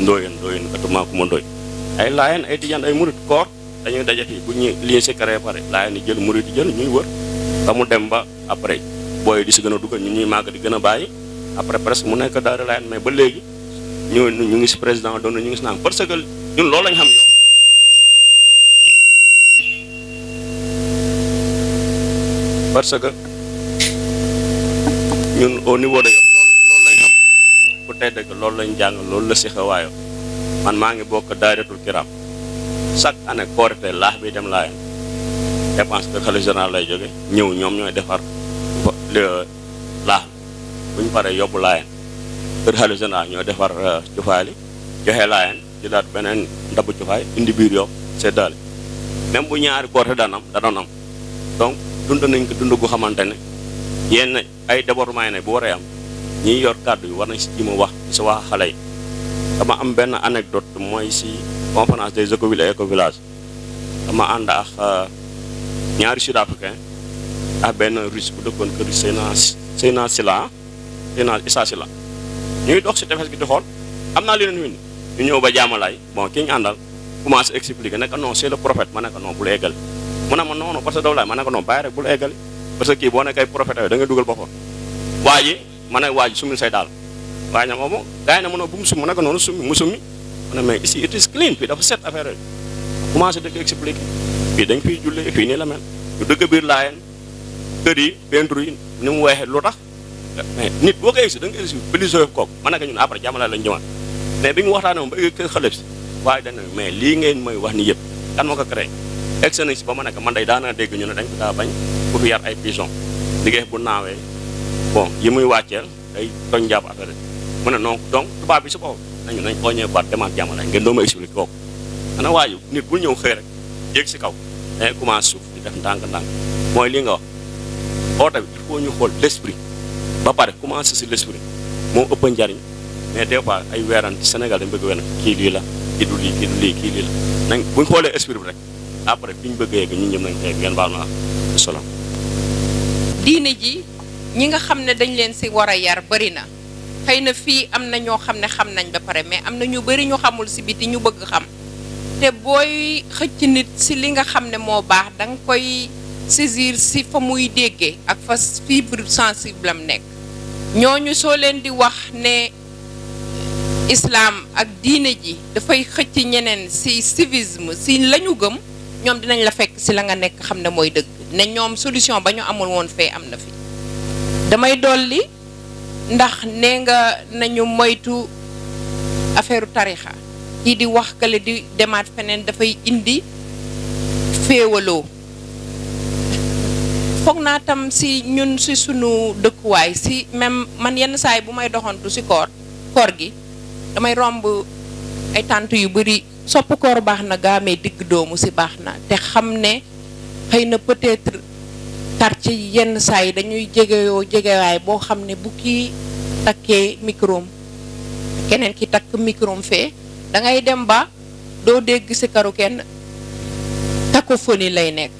ndooyen ndooyen katuma kuma ndoy ay laayen ay tijaan ay murit koor dañuy daje fii bu ñu lii si créé pare laayen jël murit jël ñuy wër ba mu dem ba après booy di si gën a dugal ñu ñuy màgg di gën a bàyyi après presque mu nekk daare laayen mais ba léegi ñu ñu ngi si président doon ñu ngi si naan parce que ñun loolu lañ xam yow parce que ñun au niveau de Yoff loolu loolu xam ku tey dëgg loolu lañ jàng loolu la si xewaayo man maa ngi bokk daayratul kiram chaque année koorite laax bi dem laayan dépense que xale général lay jóge ñëw ñoom ñooy defar laax buñ pare paree yóbbu laayan kër ñooy defar euh, cufaay li joxe laayan ci daat beneen ndabu cufaay indi biir Yoff seddaale même bu ñaari koorite daanam am dund nañ ko dund gu xamantene yenn ay dabor may ne bu waree am ñi yor kàddu yi war nañ ci jima wax ci wa xale dama am ben anecdote moy ci conférence des écovilles et écovillages dama and ak euh, ñaari sud africain ak ben russe bu dëkkoon kër seyna seyna sila seyna isa sila ñuy dox ci tefes gi di xool am naa leneen wind ñu ñëw ba jamalay bon ki ñu àndal commencé expliquer ne non c'est le prophète ma ne non bu légal mana mana ma noonu parce que mana laay ma ne ko non bàyyi rek bul eggali parce que kii boo nekkee prophète da nga dugal boppam waa ji ma ne waa ji sumil say daal waaye ñam moom gars yi ne mana ne bu mu ne ko noonu mu ne mais ici it is clean fii dafa set affaire yi commencé dëkk expliqué fii dañ fiy jullee fii nii la mel ñu dëkk biir laayeen kër yi peinture yi ni mu weexee lu tax mais nit boo ko egsi da nga egsi plusieurs mana ma ne ko ñun après jàmmalaay lañ mana mais bi ñu waxtaanee moom ba xale si waaye dañ ne mais lii ngeen wax ni yëpp kan moo ko créé egg nañ si ba ma nekk man day daana dégg ñu ne dañ ko daa bañ pour yar ay pigeon liggéey bu naawee bon yi muy wàcceel day toñ njàpp affaire mu ne non donc baa bi si boppam nañu nañ oñee baat demaat jàmmale ngeen doo ma expliqué kooku ana waayu nit bu ñëw xëy rek yéeg si kaw day commencé suuf di def ndànk-ndànk mooy li nga wax oota bi il ñu xool l'esprit ba pare commencé si l'esprit moo ëpp njariñ mais des fois ay weeraan ci Sénégal dañ bëgg weeraan kii lii la kii du lii xoolee esprit bi rek après fi ñu bëgg a yegg ñun ñëpp nañ diine ji ñi nga xam ne dañ leen si war a yar bëri na xëy na fii am na ñoo xam ne xam nañ ba pare mais am na ñu bari ñu xamul si biti ñu bëgg xam te booy xëcc nit si li nga xam ne moo baax da koy saisir si fa muy déggee ak fa fibre sensible am nekk ñooñu soo leen di wax ne islaam ak diine ji dafay xëcc ñeneen si civisme si lañu gëm ñom dinañ la fekk ci la nga nek xam moy deug dëgg ne solution ba amul won fe amna fi damay dolli ndax nee nga nañu moytu affaireu tariha ki di wax kala di fenen da fay indi féewaloo foog tam si ñun si sunu way si même man yenn saay bu may doxantu si koor koor gi damay romb ay tante yu bari sopp koor baax na digg doomu si baax na te xam ne xëy na peut-être quartier yi yenn saa yi dañuy jegeyoo jegewaay boo xam ne bu kii takkee microm keneen ki takk microm fee da ngay dem ba dégg si karu kenn cacophonie lay nekk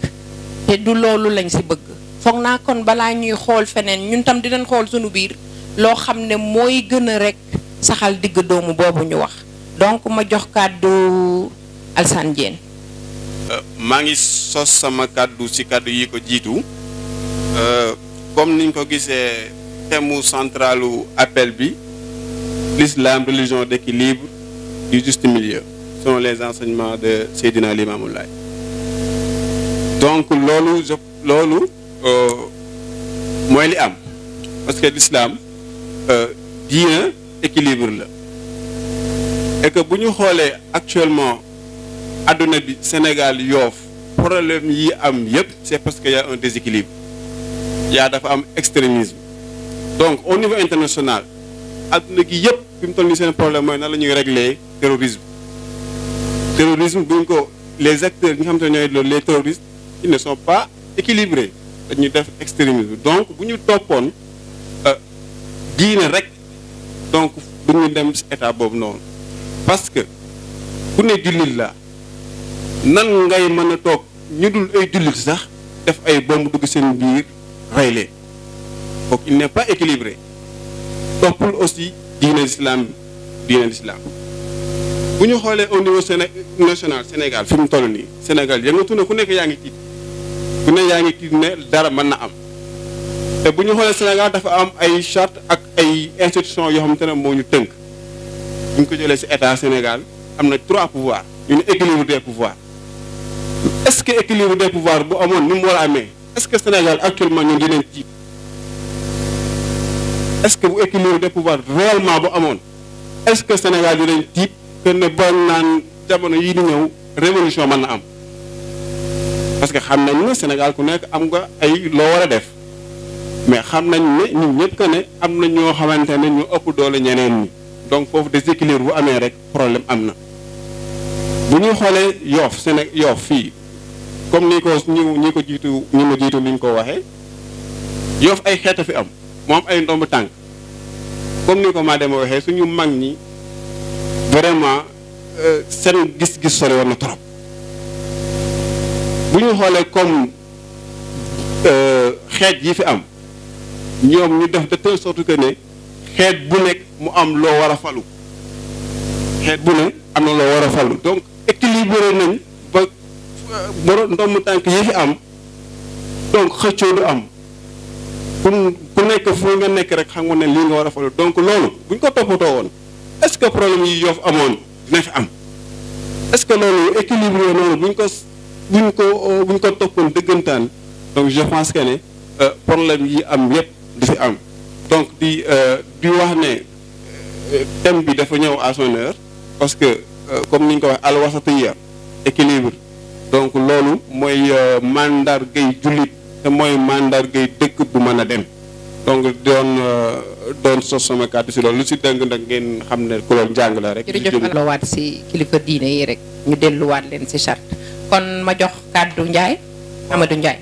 te du loolu lañ si bëgg foog naa kon balaa ñuy xool feneen ñun tam dinañ xool sunu biir loo xam rek saxal digg doomu boobu ñu wax donc ma jox le cadre Diène maa ngi sos sama le ci kaddu yi ko jiitu euh, comme niñ ko gisee thème central appel bi l'islam religion d'équilibre du juste milieu sont les enseignements de Seydina Ali Laye donc loolu je loolu euh, mooy li am parce que l'islam un euh, équilibre et que bu ñu xoolee actuellement adduna bi Sénégal yoof problème yi am yëpp c'est parce qu'il y a un déséquilibre Il y dafa un extrémisme donc au niveau international adduna gi yépp fi mu toll problème mooy nan la régler terrorisme terrorisme buñ ko les acteurs ñi les terroristes ils ne sont pas équilibrés dañuy def extrémisme donc bu ñu toppoon euh, diine rek donc nous ñu dem si état boobu noonu parce que ku ne jullit la nan ngay mën tok ñu dul ay jullit sax def ay bomb dugg seen bir raylé donc il n'est pas équilibré pour aussi diine l'islam diine l'islam bu ñu xoolee au niveau national Sénégal fi mu toll ni Sénégal yëngatu na ku nekk yaangi ngi ku ne yaangi ngi ne dara mën na am te bu ñu xoolee Sénégal dafa am ay charte ak ay institution yo xamante ne moo ñu bu je ko jëlee si état Sénégal am trois pouvoirs une équilibre des pouvoirs est-ce que équilibre des pouvoirs bu amoon ni mu war est-ce que Sénégal actuellement ñun dinañ ci est-ce que bu équilibre des pouvoirs réellement bu amoon est-ce que Sénégal dinañ tiit que ne bon naan jamono yii di ñëw révolution mën na am parce que xam nañ ne Sénégal ku nekk am nga ay loo war def mais xam nañ ne ñun ñëpp que ne am na ñoo xamante ne ñu ëpp doole ñeneen donc foofu déséquilibre bu amee rek problème am na bu ñuy xoolee yoof Séné yoof fii comme ni ko ñu ñi ko jiitu ñi ma jiitu ni ñu ko waxee yoof ay xeet fi am moom ay ndomb tànk comme ni ko maa dema waxee suñu mag ñi vraiment euh, seen gis-gis sori war na trop bu ñuy xoolee comme euh, xeet yi fi am ñoom ñu def de telle sorte que ne xeet bu nekk mu am loo war a falu xeet bu ne am na loo war a falu donc équilibré nañ ba borom ndomb tànk yi fi am donc xëccoo du am ku ku nekk fu nga nekk rek xam nga ne lii nga war a falu donc loolu bu ñu ko toppatoo woon est-ce que problème yi Yoff amoon dina fi am est-ce que loolu équilibré noonu bu ko bu ko bu ko toppoon dëggantaan donc je pense que ne euh, problème yi am yépp du fi am donc di euh, di wax ne euh, thème bi dafa ñëw à son heure parce que euh, comme niñ ko wax al ya équilibre donc loolu mooy mandargay jullit te mooy gay dëkk bu mën a dem donc doon doon sos sama kàddu si loolu lu si dëng nag ngeen xam ne ku loolu njàng la rek jërëjëf si kilifa diine yi rek ñu delluwaat leen si charte kon ma jox kàddu Ndiaye Amadou Ndiaye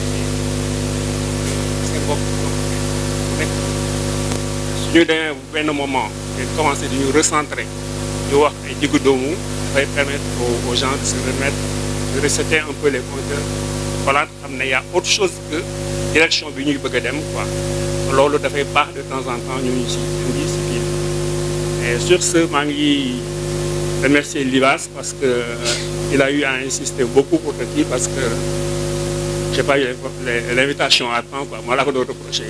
C'est Nous suñu demee moment et commencer à nous recentrer Nous wax permettre aux gens de se remettre de recéder un peu les compteurs voilà il y a autre chose que direction bi l'Union bëgg Alors nous quoi de temps en temps nous ñu ici. et sur ce je remercie remercier Livas parce qu'il euh, a eu à insister beaucoup pour le parce que j'ai pas eu l'invitation à attendre, quoi. Moi, là, d'autres projets.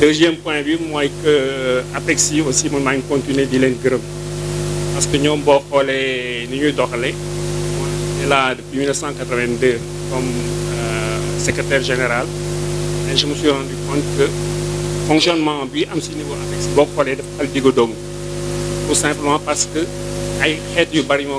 Deuxième point de vue, moi, que euh, Apexi aussi, mon main continue d'y dire. Parce que nous avons les d'Orlé. Et là, depuis 1982, comme euh, secrétaire général, je me suis rendu compte que le fonctionnement, lui, à ce niveau, Apexi, bon, il faut aller Tout simplement parce que, il y a des gens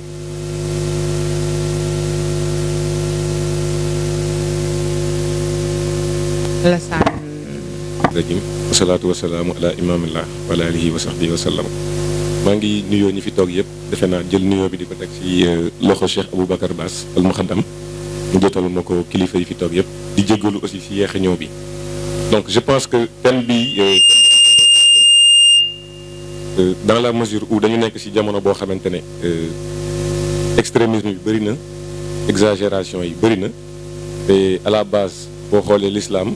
rajim wasalaatu wasalaamu ala imaamillah wa ala alihi wa sahbihi wa sallam maa ngi nuyoo ñi fi toog yëpp defe naa jël nuyoo bi di ko teg ci euh, loxo Cheikh abou Aboubacar Bass al muqaddam mu jotal ma ko kilifa yi fi toog yëpp di jéggalu aussi ci yeexe ñëw bi donc je pense que thème bi euh, euh, dans la mesure où dañu nekk ci jamono boo xamante ne extrémisme yi bëri na exagération yi bëri na te à la base boo xoolee l'islam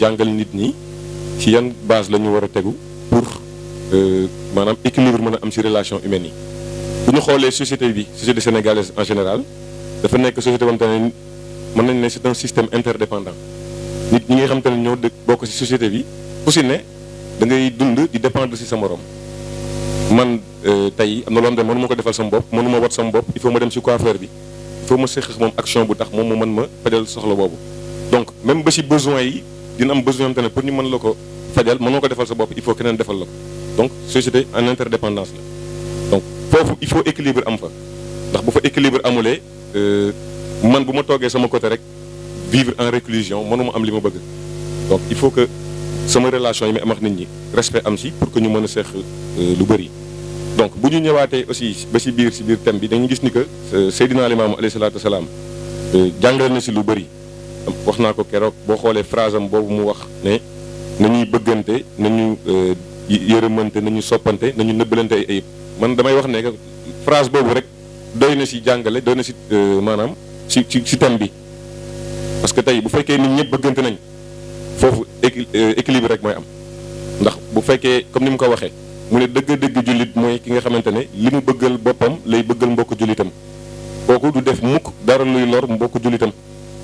jàngal nit ñi ci yan base la ñu war a tegu pour euh, maanaam équilibre mën a am ci relation humaine yi bu ñu xoolee société bi société sénégalaise en général dafa nekk société boo xamante ne mën nañ ne c'est un système interdépendant nit ñi nga xamante ne ñoo dëkk bokk ci société bi ku ci ne da ngay dund di dépendre ci sa moroom man euh, tey am na loo xam ne mënu ma ko defal sama bopp mënu ma wat sama bopp il faut ma dem ci coiffeur bi il faut ma séq moom action bu tax moom mu mën ma fajal soxla boobu donc même ba ci besoin yi dina am besoin te pour ñu mën la ko fajal mënoo ko defal sa bopp il faut keneen defal la ko donc société en interdépendance la donc foofu il faut équilibre am fa ndax bu fa équilibre amulee euh, man bu ma toogee sama côté rek vivre en réclusion mënuma am li ma bëgg donc il faut que sama relation yi may am ak nit ñi respect am si pour que ñu mën a seex euh, lu bëri. donc bu ñu ñëwaatee aussi ba si biir si biir thème bi dañu gis ni que euh, Seydina Limaamu alayhi salaatu wa salaam jàngale na si lu bëri. wax naa ko keroog boo xoolee phrase boobu mu wax ne nañuy bëggante nañu euh, yërëmante nañu soppante nañu nëbbalante ay ayib man damay wax ne phrase boobu rek doy na si jàngale doy na si euh, maanaam ci si si thème bi parce que tey bu fekkee nit ñëpp bëggante nañ foofu euh, équilibre rek mooy am ndax bu fekkee comme ni mu ko waxee mu ne dëgg-dëgg jullit mooy ki nga xamante ne li mu bëggal boppam lay bëggal mbokk jullitam kooku du def mukk dara luy lor mbokk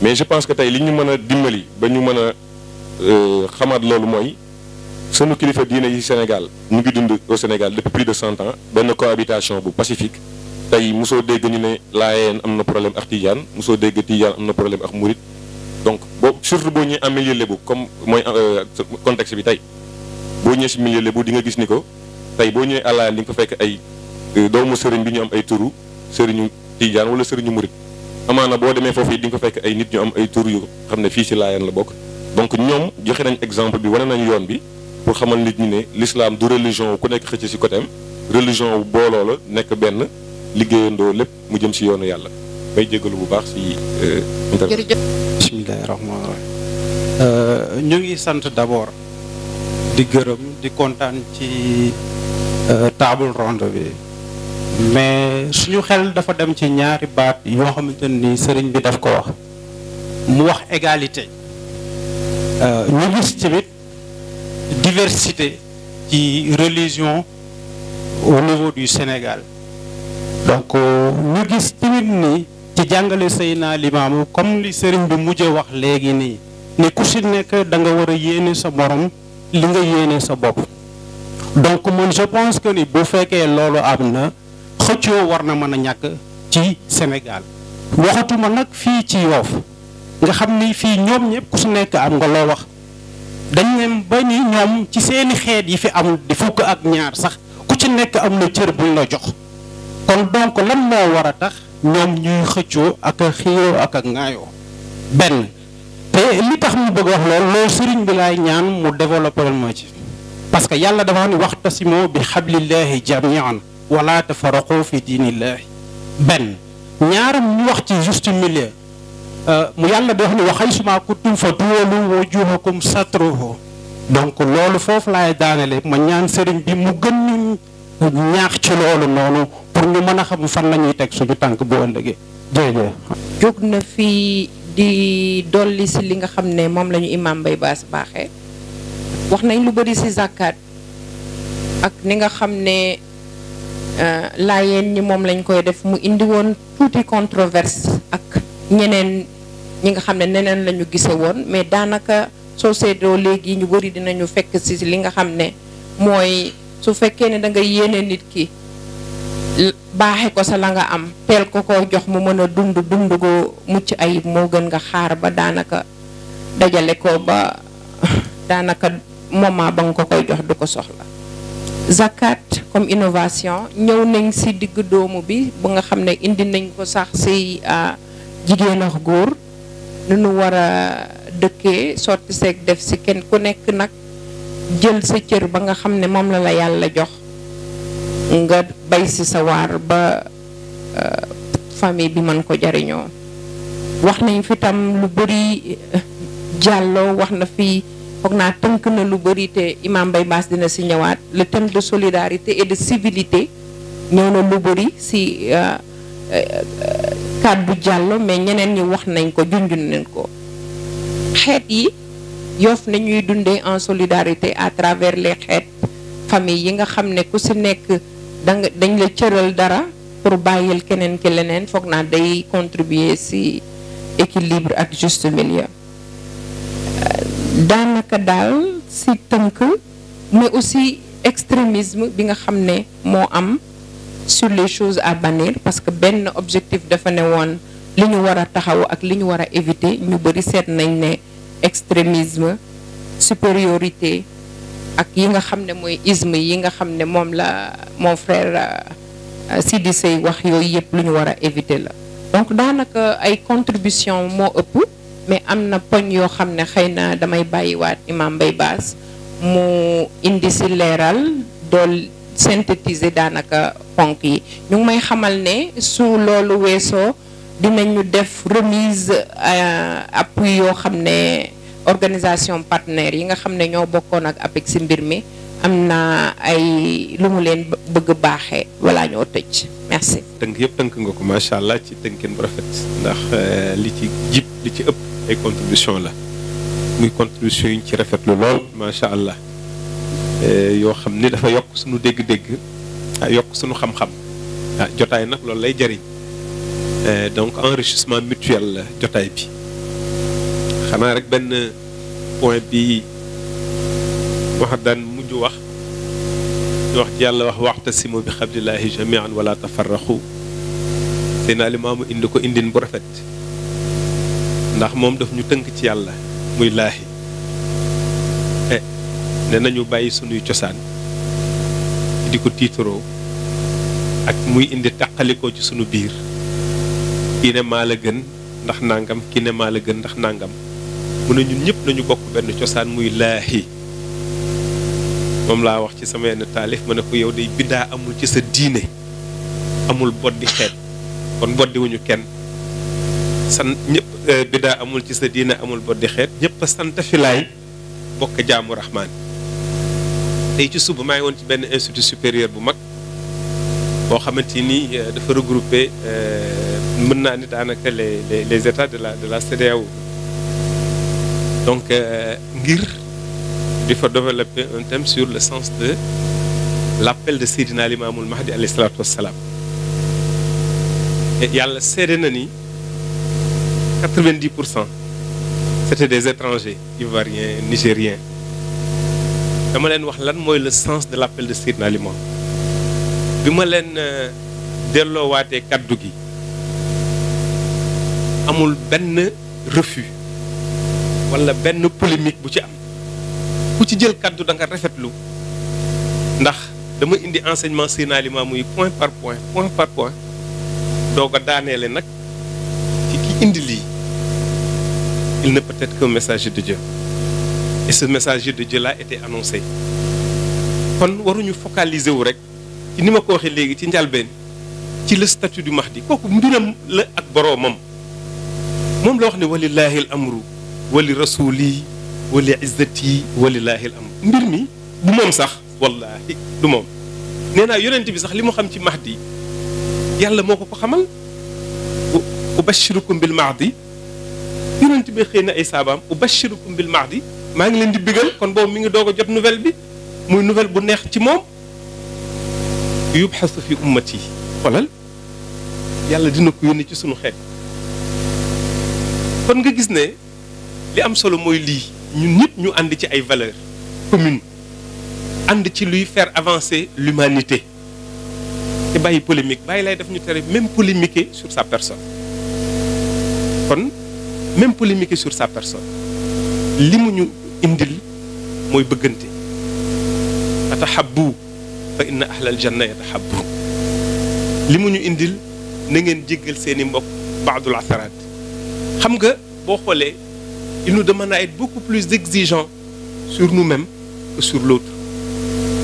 mais je pense que tay li ñu dimbali ba ñu a euh, xamat qui moy sunu kilifa Sénégal ñu ngi au Sénégal depuis plus de 100 ans ben cohabitation bu pacifique nous avons dégg ñu né problème dégg problème donc bo surtout le milieu comme euh, contexte bi nous avons si milieu bu di nga gis niko tay bo que nous avons nga fekk ay euh, doomu bi amaana boo demee foofu it di nga ko fekk ay nit ñu am ay tour yu xam ne fii ci laayeen la bokk donc ñoom joxe nañ exemple bi wane nañ yoon bi pour xamal nit ñi ne l'islam du religion ku nekk xëcc ci côté religion wu booloo la nekk benn liggéeyandoo lépp mu jëm ci yoonu yàlla may jégalu bu baax ci euh, interview bismillahi rahmaani euh, ñu ngi sant d'abord di gërëm di kontaan ci euh, table ronde bi mais suñu xel dafa dem ci ñaari baat yoo xamante ni sëriñ bi daf ko wax mu wax égalité euh, ñu gis tamit diversité ci religion au niveau du Sénégal donc euh, ñu gis tamit ni ci jàngale Seydina Limaamu comme li sëriñ bi mujj wax léegi nii ne ku si nekk da nga war a yéene sa borom li nga yéene sa bopp donc man je pense ni bu fekkee loolu am na xëccoo war na mën a ñàkk ci Sénégal waxatuma nag fii ci Yoff nga xam ni fii ñoom ñëpp ku su nekk am nga loo wax dañ leen ba ni ñoom ci seeni xeet yi fi am di fukk ak ñaar sax ku ci nekk am na cër buñ la jox kon ko lan moo war a tax ñoom ñuy xëccoo ak a xiyoo ak a ŋaayoo benn te li tax mu bëgg wax lool loolu sëriñ bi laay ñaan mu développé ma ci parce que yàlla dafa ni waxtasimoo bi xablillahi jamian wala tafaraqu fi diinillaahi benn ñaaram ñu wax ci juste milieu euh, mu yàlla di wax ni waxay suma kuntum fa tuwalu wujuhakum satruhu donc loolu foofu laay daanale ma ñaan sëriñ bi mu gën ñaax ci loolu noonu pour ñu mën a xam fan la ñuy teg suñu tànk bu ëllëgee jërëjëf jóg na fii di dolli si li nga xam ne moom lañu ñu imaam Mbaye Bass baaxee wax nañ lu bëri si zakkaat ak ni nga xam ne Euh, laayeen ñi moom lañ koy def mu indi woon tuuti controverse ak ñeneen ñi nga xam ne neneen la ñu gise woon mais daanaka soo seetoo léegi ñu bëri dinañu fekk si li nga xam ne mooy su fekkee ne da nga yéene nit ki baaxe ko sa la nga am teel ko koo jox mu mën a dund dund ko mucc ayib moo gën nga xaar ba daanaka dajale ko ba daanaka moment ba nga ko koy jox du ko soxla zakat comme innovation ñëw nañ ci diggu doomu bi bu nga xam ne indi nañ ko sax ci euh, jigéen góor nu nu war a dëkkee sotti seeg def ci kenn ku nekk nag jël sa cër ba nga xam ne moom la la yàlla jox nga bay si sawaar ba euh, famille bi mën ko jariñoo wax nañ fi tam lu bari jàlloo euh, wax na fi foog naa tënk na lu bëri te Imam Mbaye Bass dina si ñëwaat le thème de solidarité et de civilité ñëw na lu bëri si kàddu euh, euh, jàll mais ñeneen ñi wax nañ ko junjun nañ ko xeet yi yoof ñuy dundee en solidarité à travers les xeet famille yi nga xam ne ku si nekk danga dañ la cëral dara pour bàyyil keneen ki leneen foog naa day contribuer si équilibre ak juste milieu danaka dal si tënk mais aussi extrémisme bi nga xam ne moo am sur les choses à bannir parce que benn objectif dafa ne woon li ñu war a taxaw ak li ñu war a éviter ñu bëri seet nañ ne extrémisme supériorité ak yi nga xam ne mooy isme yi nga xam ne moom la mon frère euh, Sidi Sey wax yooyu yëpp lu ñu war a éviter la donc daanaka ay contribution moo ëpp mais am na poñ yoo xam ne xëy na damay bàyyiwaat imam mbay Bass mu indi si leeral dool synthétiser daanaka ponk yi ñu may xamal ne su loolu weesoo dina dinañu def remise euh, appui yoo xam ne organisation partenaire yi nga xam ne ñoo bokkoon ak APEX si mbir mi am na ay lu mu leen bëgg baaxe walaa ñoo tëj merci. tënk yëpp tënk nga ko macha allah ci tënkin bu rafet ndax euh, li ci jib li ci ëpp ay contribution la muy contribution yi ci lu lool macha allah euh, yoo xam ni dafa yokk suñu dégg-dégg ah, yokk suñu xam-xam ah jotaay nag loolu lay jariñ euh, donc enrichissement mutuel la jotaay bi xanaa rek benn point bi wax daan ju wax ju wax yàlla wax waxtasimu bi xablillaahi jamian wala tafarraxu Seydina Limaamu indi ko indin bu rafet ndax moom daf ñu tënk ci yàlla muy laahi e ne nañu bàyyi sunuy cosaan di ko tiitaroo ak muy indi tàqalikoo ci sunu biir kii ne maa la gën ndax nangam kii ne maa la gën ndax nangam mu ne ñun ñëpp nañu bokk benn cosaan muy laahi moom laa wax ci sama yenn taalif ma ne ko yow day biddaa amul ci sa diine amul boddi xeet kon boddi wuñu kenn san ñëpp euh, biddaa amul ci sa diine amul boddi xeet ñëpp sant filaay bokk jaamu rahmaan tey ci suba maa ngi woon ci benn institut supérieur bu mag boo xamante nii euh, dafa regroupé euh, mën naa ni daanaka les les états de la de la CEDEAO donc ngir. Il faut développer un thème sur le sens de l'appel de Seydina à Mahdi alayhi salaatu Il y a le ni 90 c'était des étrangers ivoiriens nigériens dama vous dire lan mooy le sens de l'appel de Seydina Limaam Je ma dire euh, delloowaatee kaddu gi amul ben refus wala ben polémique bu ku ci jël kaddu da nga rafetlu ndax dama indi enseignement Seydina point par point point par point Donc, a daaneele nag ci ki indi il ne peut être qu'un messager de Dieu et ce messager de Dieu là était annoncé kon waruñu focaliser wu rek ci ni ma ko waxee qui ci le statut du Mahdi kooku mbiram la ak boroomam moom la wax ne walillahi al amru wali ولعزتي ولله الامر ميرمي دو موم صاح والله دو موم نينا يونتي بي صاح لي مو خام تي مهدي يالا مكو كو خمال ابشركم بالمعدي يونتي بي خينا اي سابام ابشركم بالمعدي ما نغي لين دي بيغال كون بو ميغي دوغو جوت نوفل بي موي نوفل بو نيه تي موم يبحث في امتي خلال يالا دي نكو يوني تي سونو خيت كون nga gis ne li am solo mooy lii nous ñëpp ñu ànd valeurs communes faire avancer l'humanité Et polémique lay ñu tere même polémiquer sur sa personne même polémiquer sur sa personne li ñu indil mooy bëggante fa inna ahla li mu ñu indil na ngeen mbokk il nous demande à être beaucoup plus exigeant sur nous-mêmes que sur l'autre.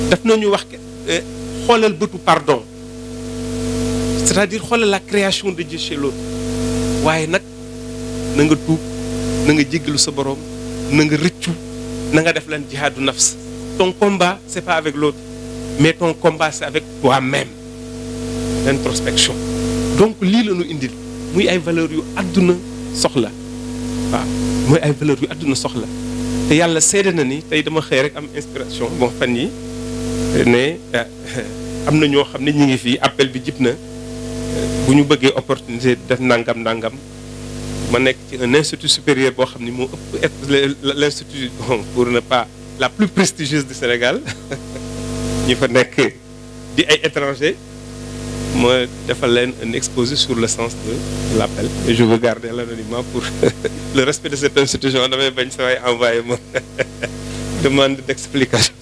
daf nañu le eh, xoolal bëtu pardon c'est-à-dire xoolal la création de Dieu chez l'autre waaye nag na nga tout na nga le sa borom na nga na nga def lan deux nafs ton combat c'est pas avec l'autre mais ton combat c'est avec toi-même l'introspection donc lii la oui un muy ay valeurs yu àdduna soxla mais mooy ay valeur yu àdduna soxla te yàlla ni dama inspiration bon am appel bi jib opportunité def nangam nangam un institut supérieur pour ne pas la plus prestigieuse du Sénégal il fa nekk di étranger moi, j'ai fait un exposé sur le sens de l'appel. Et je veux garder l'anonymat pour le respect de cette institution. On avait envoyé une demande d'explication.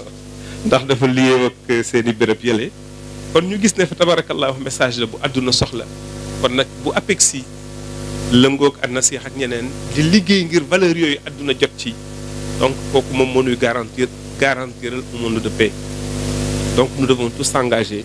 ndax dafa lié ak seen i béréb yële kon ñu gis ne nous tabarakallah message de bu àdduna soxla kon avons bu APEXI lëngoog adna nasiix ak ñeneen di liggéey ngir valeur yooyu àdduna jot ci donc pour que moo ñuy garantir garantiral un monde de paix donc nous devons tous s'engager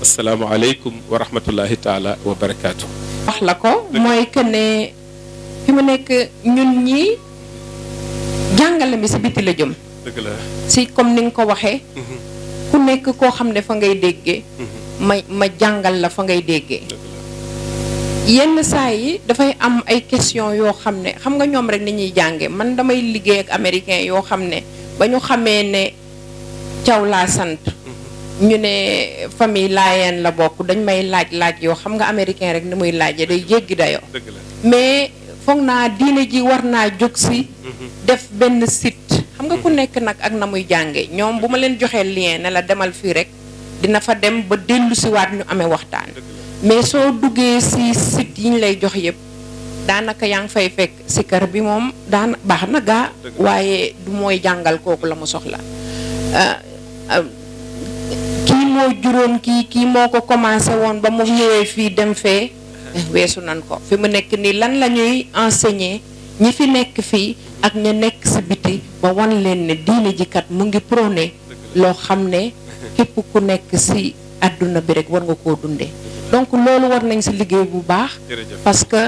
asalaamaaleykum wa rahmatullahi taala wa barakaatu. wax la ko mooy que ne fi mu nekk ñun ñi jàngale mi si biti la jëm. si comme ni nga ko waxee. Mhm. ku nekk koo xam ne fa ngay déggee. Mhm. ma ma jàngal la fa ngay déggee. yenn saa yi dafay am ay question yoo xam ne xam nga ñoom rek ni ñuy jànge man damay liggéey ak américain yoo xam ne ba ñu xamee ne caw laa sant. ñu ne famille laayeen la bokk dañ may laaj laaj yoo xam nga américain rek ni muy laajee day jéggi dayoo mais foog naa diine ji war naa jóg si mhm. def benn site xam nga ku mhm. nekk nag ak na muy jànge ñoom bu ma leen joxee lien ne la demal fii rek dina fa dem ba dellu si waat ñu amee waxtaan mais soo duggee si site yi ñu lay jox yëpp daanaka yaa ngi fay fekk si kër bi moom daan baax na gaa waaye du mooy jàngal kooku la mu soxla euh, euh, moo juróon kii kii moo ko commencé woon ba mu ñëwee fii dem fee weesu nan ko fi mu nekk nii lan la ñuy enseigner ñi fi nekk fii ak ña nekk si biti ba wan leen ne diine ji kat mu ngi prôné loo xam ne képp ku nekk si àdduna bi rek war nga koo dundee donc loolu war nañ si liggéey bu baax parce que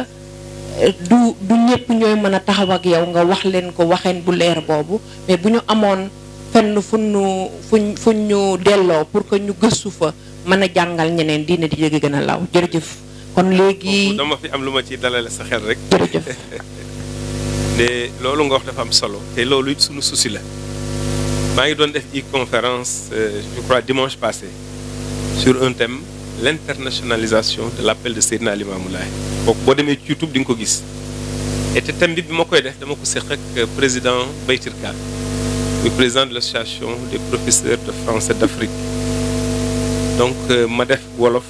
euh, du du ñëpp ñooy mën a taxaw ak yow nga wax leen ko waxeen bu leer boobu mais bu ñu amoon fenn fu ñu fuñ ñu delloo pour que ñu gëstu fa mën a jàngal ñeneen diine di jóge gën a law jërëjëf kon léegi dama fi am lu ma ci dalale sa xel rek jërëjëf te loolu nga wax dafa am solo te loolu it suñu souci la maa ngi doon def i conférence euh, je crois dimanche passé sur un thème l'internationalisation de l'appel de Seydina Limamou Laye kooku boo demee ci YouTube di nga ko gis et te thème bi bi ma koy def dama ko séq ak euh, président Baytir Kane le président de l'association des professeurs de français d'Afrique donc euh, ma def wolof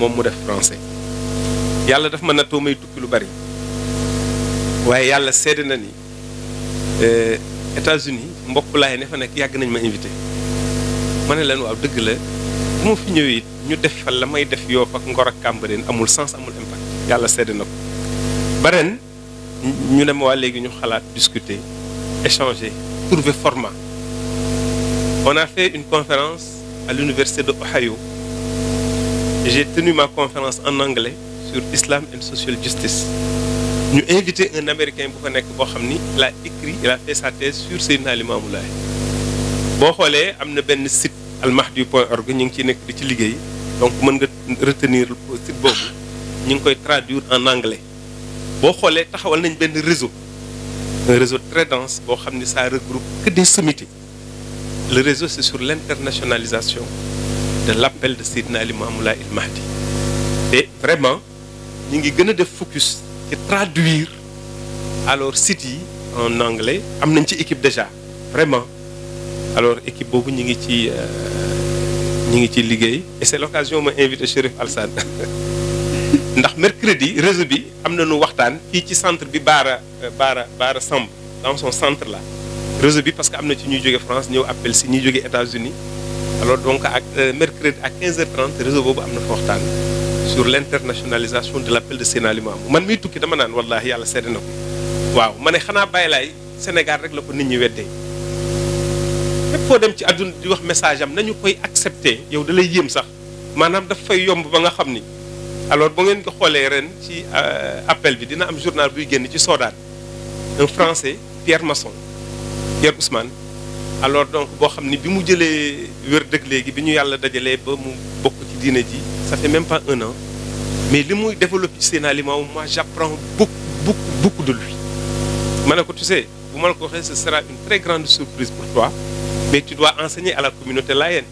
de mu def français yàlla daf ma nattoo Je tukki lu bari je suis euh, États-Unis mbokk suis invité Je suis nous dëgg la fi ñu sens amul impact discuter échanger trouver format. On a fait une conférence à l'université de Ohio. J'ai tenu ma conférence en anglais sur Islam et Social Justice. Nous invité un Américain pour connaître Bohamni. Il a écrit, il a fait sa thèse sur Sayyidina Ali Mamoulaye. boo xoolee am na site almahdi point org ñu écrit ci donc mën nga retenir site boobu ñu ngi traduire en anglais boo xoolee taxawal nañ réseau un réseau très dense boo xam sa regroupe que des sommités le réseau c'est sur l'internationalisation de l'appel de Sidna Ali Mamula il Mahdi Et vraiment nous avons de focus et traduire alors City en anglais Nous avons une équipe déjà vraiment alors équipe beaucoup nous ngi ci euh, ñu et c'est l'occasion m'inviter invité al al-sad ndax mercredi réseau bi am na nu waxtaan fii ci centre bi Baara euh, Baara Baara Samb dans son centre là réseau bi parce que am na ci ñuy jóge France ñëw appel si ñuy jóge États-Unis alors donc ak euh, mercredi à 15h30 réseau boobu am na fa waxtaan sur l' internationalisation de l' appel de Sénalimam. man miy tukki dama naan wallahi yàlla seede na ko waaw ma ne xanaa bàyyi laay Sénégal rek la ko nit ñi weddee fépp foo dem ci àdduna di wax message am nañu koy accepté yow da lay yéem sax maanaam daf fay yomb ba nga xam ni alors bu ngeen ko xoolee ren ci euh, appel bi dina am journal buy génn ci Soodaan un français Pierre Masson Pierre Ousmane alors donc boo xam ni bi mu jëlee wér dëgg léegi bi ñu yàlla dajalee ba mu bokk ci diine ji ça fait même pas un an mais li muy développé seen aliment moi j'apprends beaucoup beaucoup beaucoup de lui ma ne ko tu sais bu ma la ko waxee ce sera une très grande surprise pour toi mais tu dois enseigner à la communauté laayeen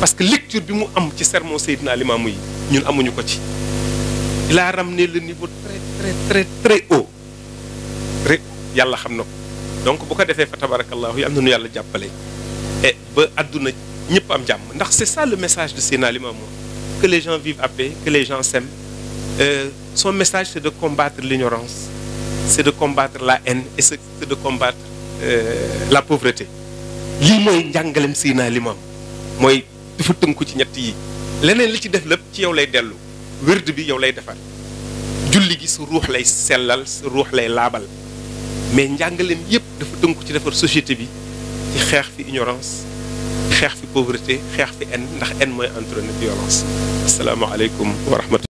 parce que lecture bi mu am ci sermon Seydina Limamou yi ñun amuñu ko ci il a ramené le niveau très très très très haut rek yàlla xam na ko donc bu ko defee fa tabarakallahu yàlla nañu yàlla jàppale et ba àdduna ñëpp am jàmm ndax c'est ça le message de Seydina Limam. que les gens vivent à paix que les gens s'aiment euh, son message c'est de combattre l'ignorance c'est de combattre la haine et c'est de combattre euh, la pauvreté lii mooy njàngalem Seydina Limam mooy dafa tënku ci ñett yi leneen li ci def lépp ci yow lay dellu wérd bi yow lay defar julli gi su ruux lay sellal su ruux lay laabal mais njàngaleen yépp dafa tënku ci defar société bi ci xeex fi ignorance xeex fi pauvreté xeex fi en ndax haine mooy entraîner violence asalaamaaleykum wa rahmatulah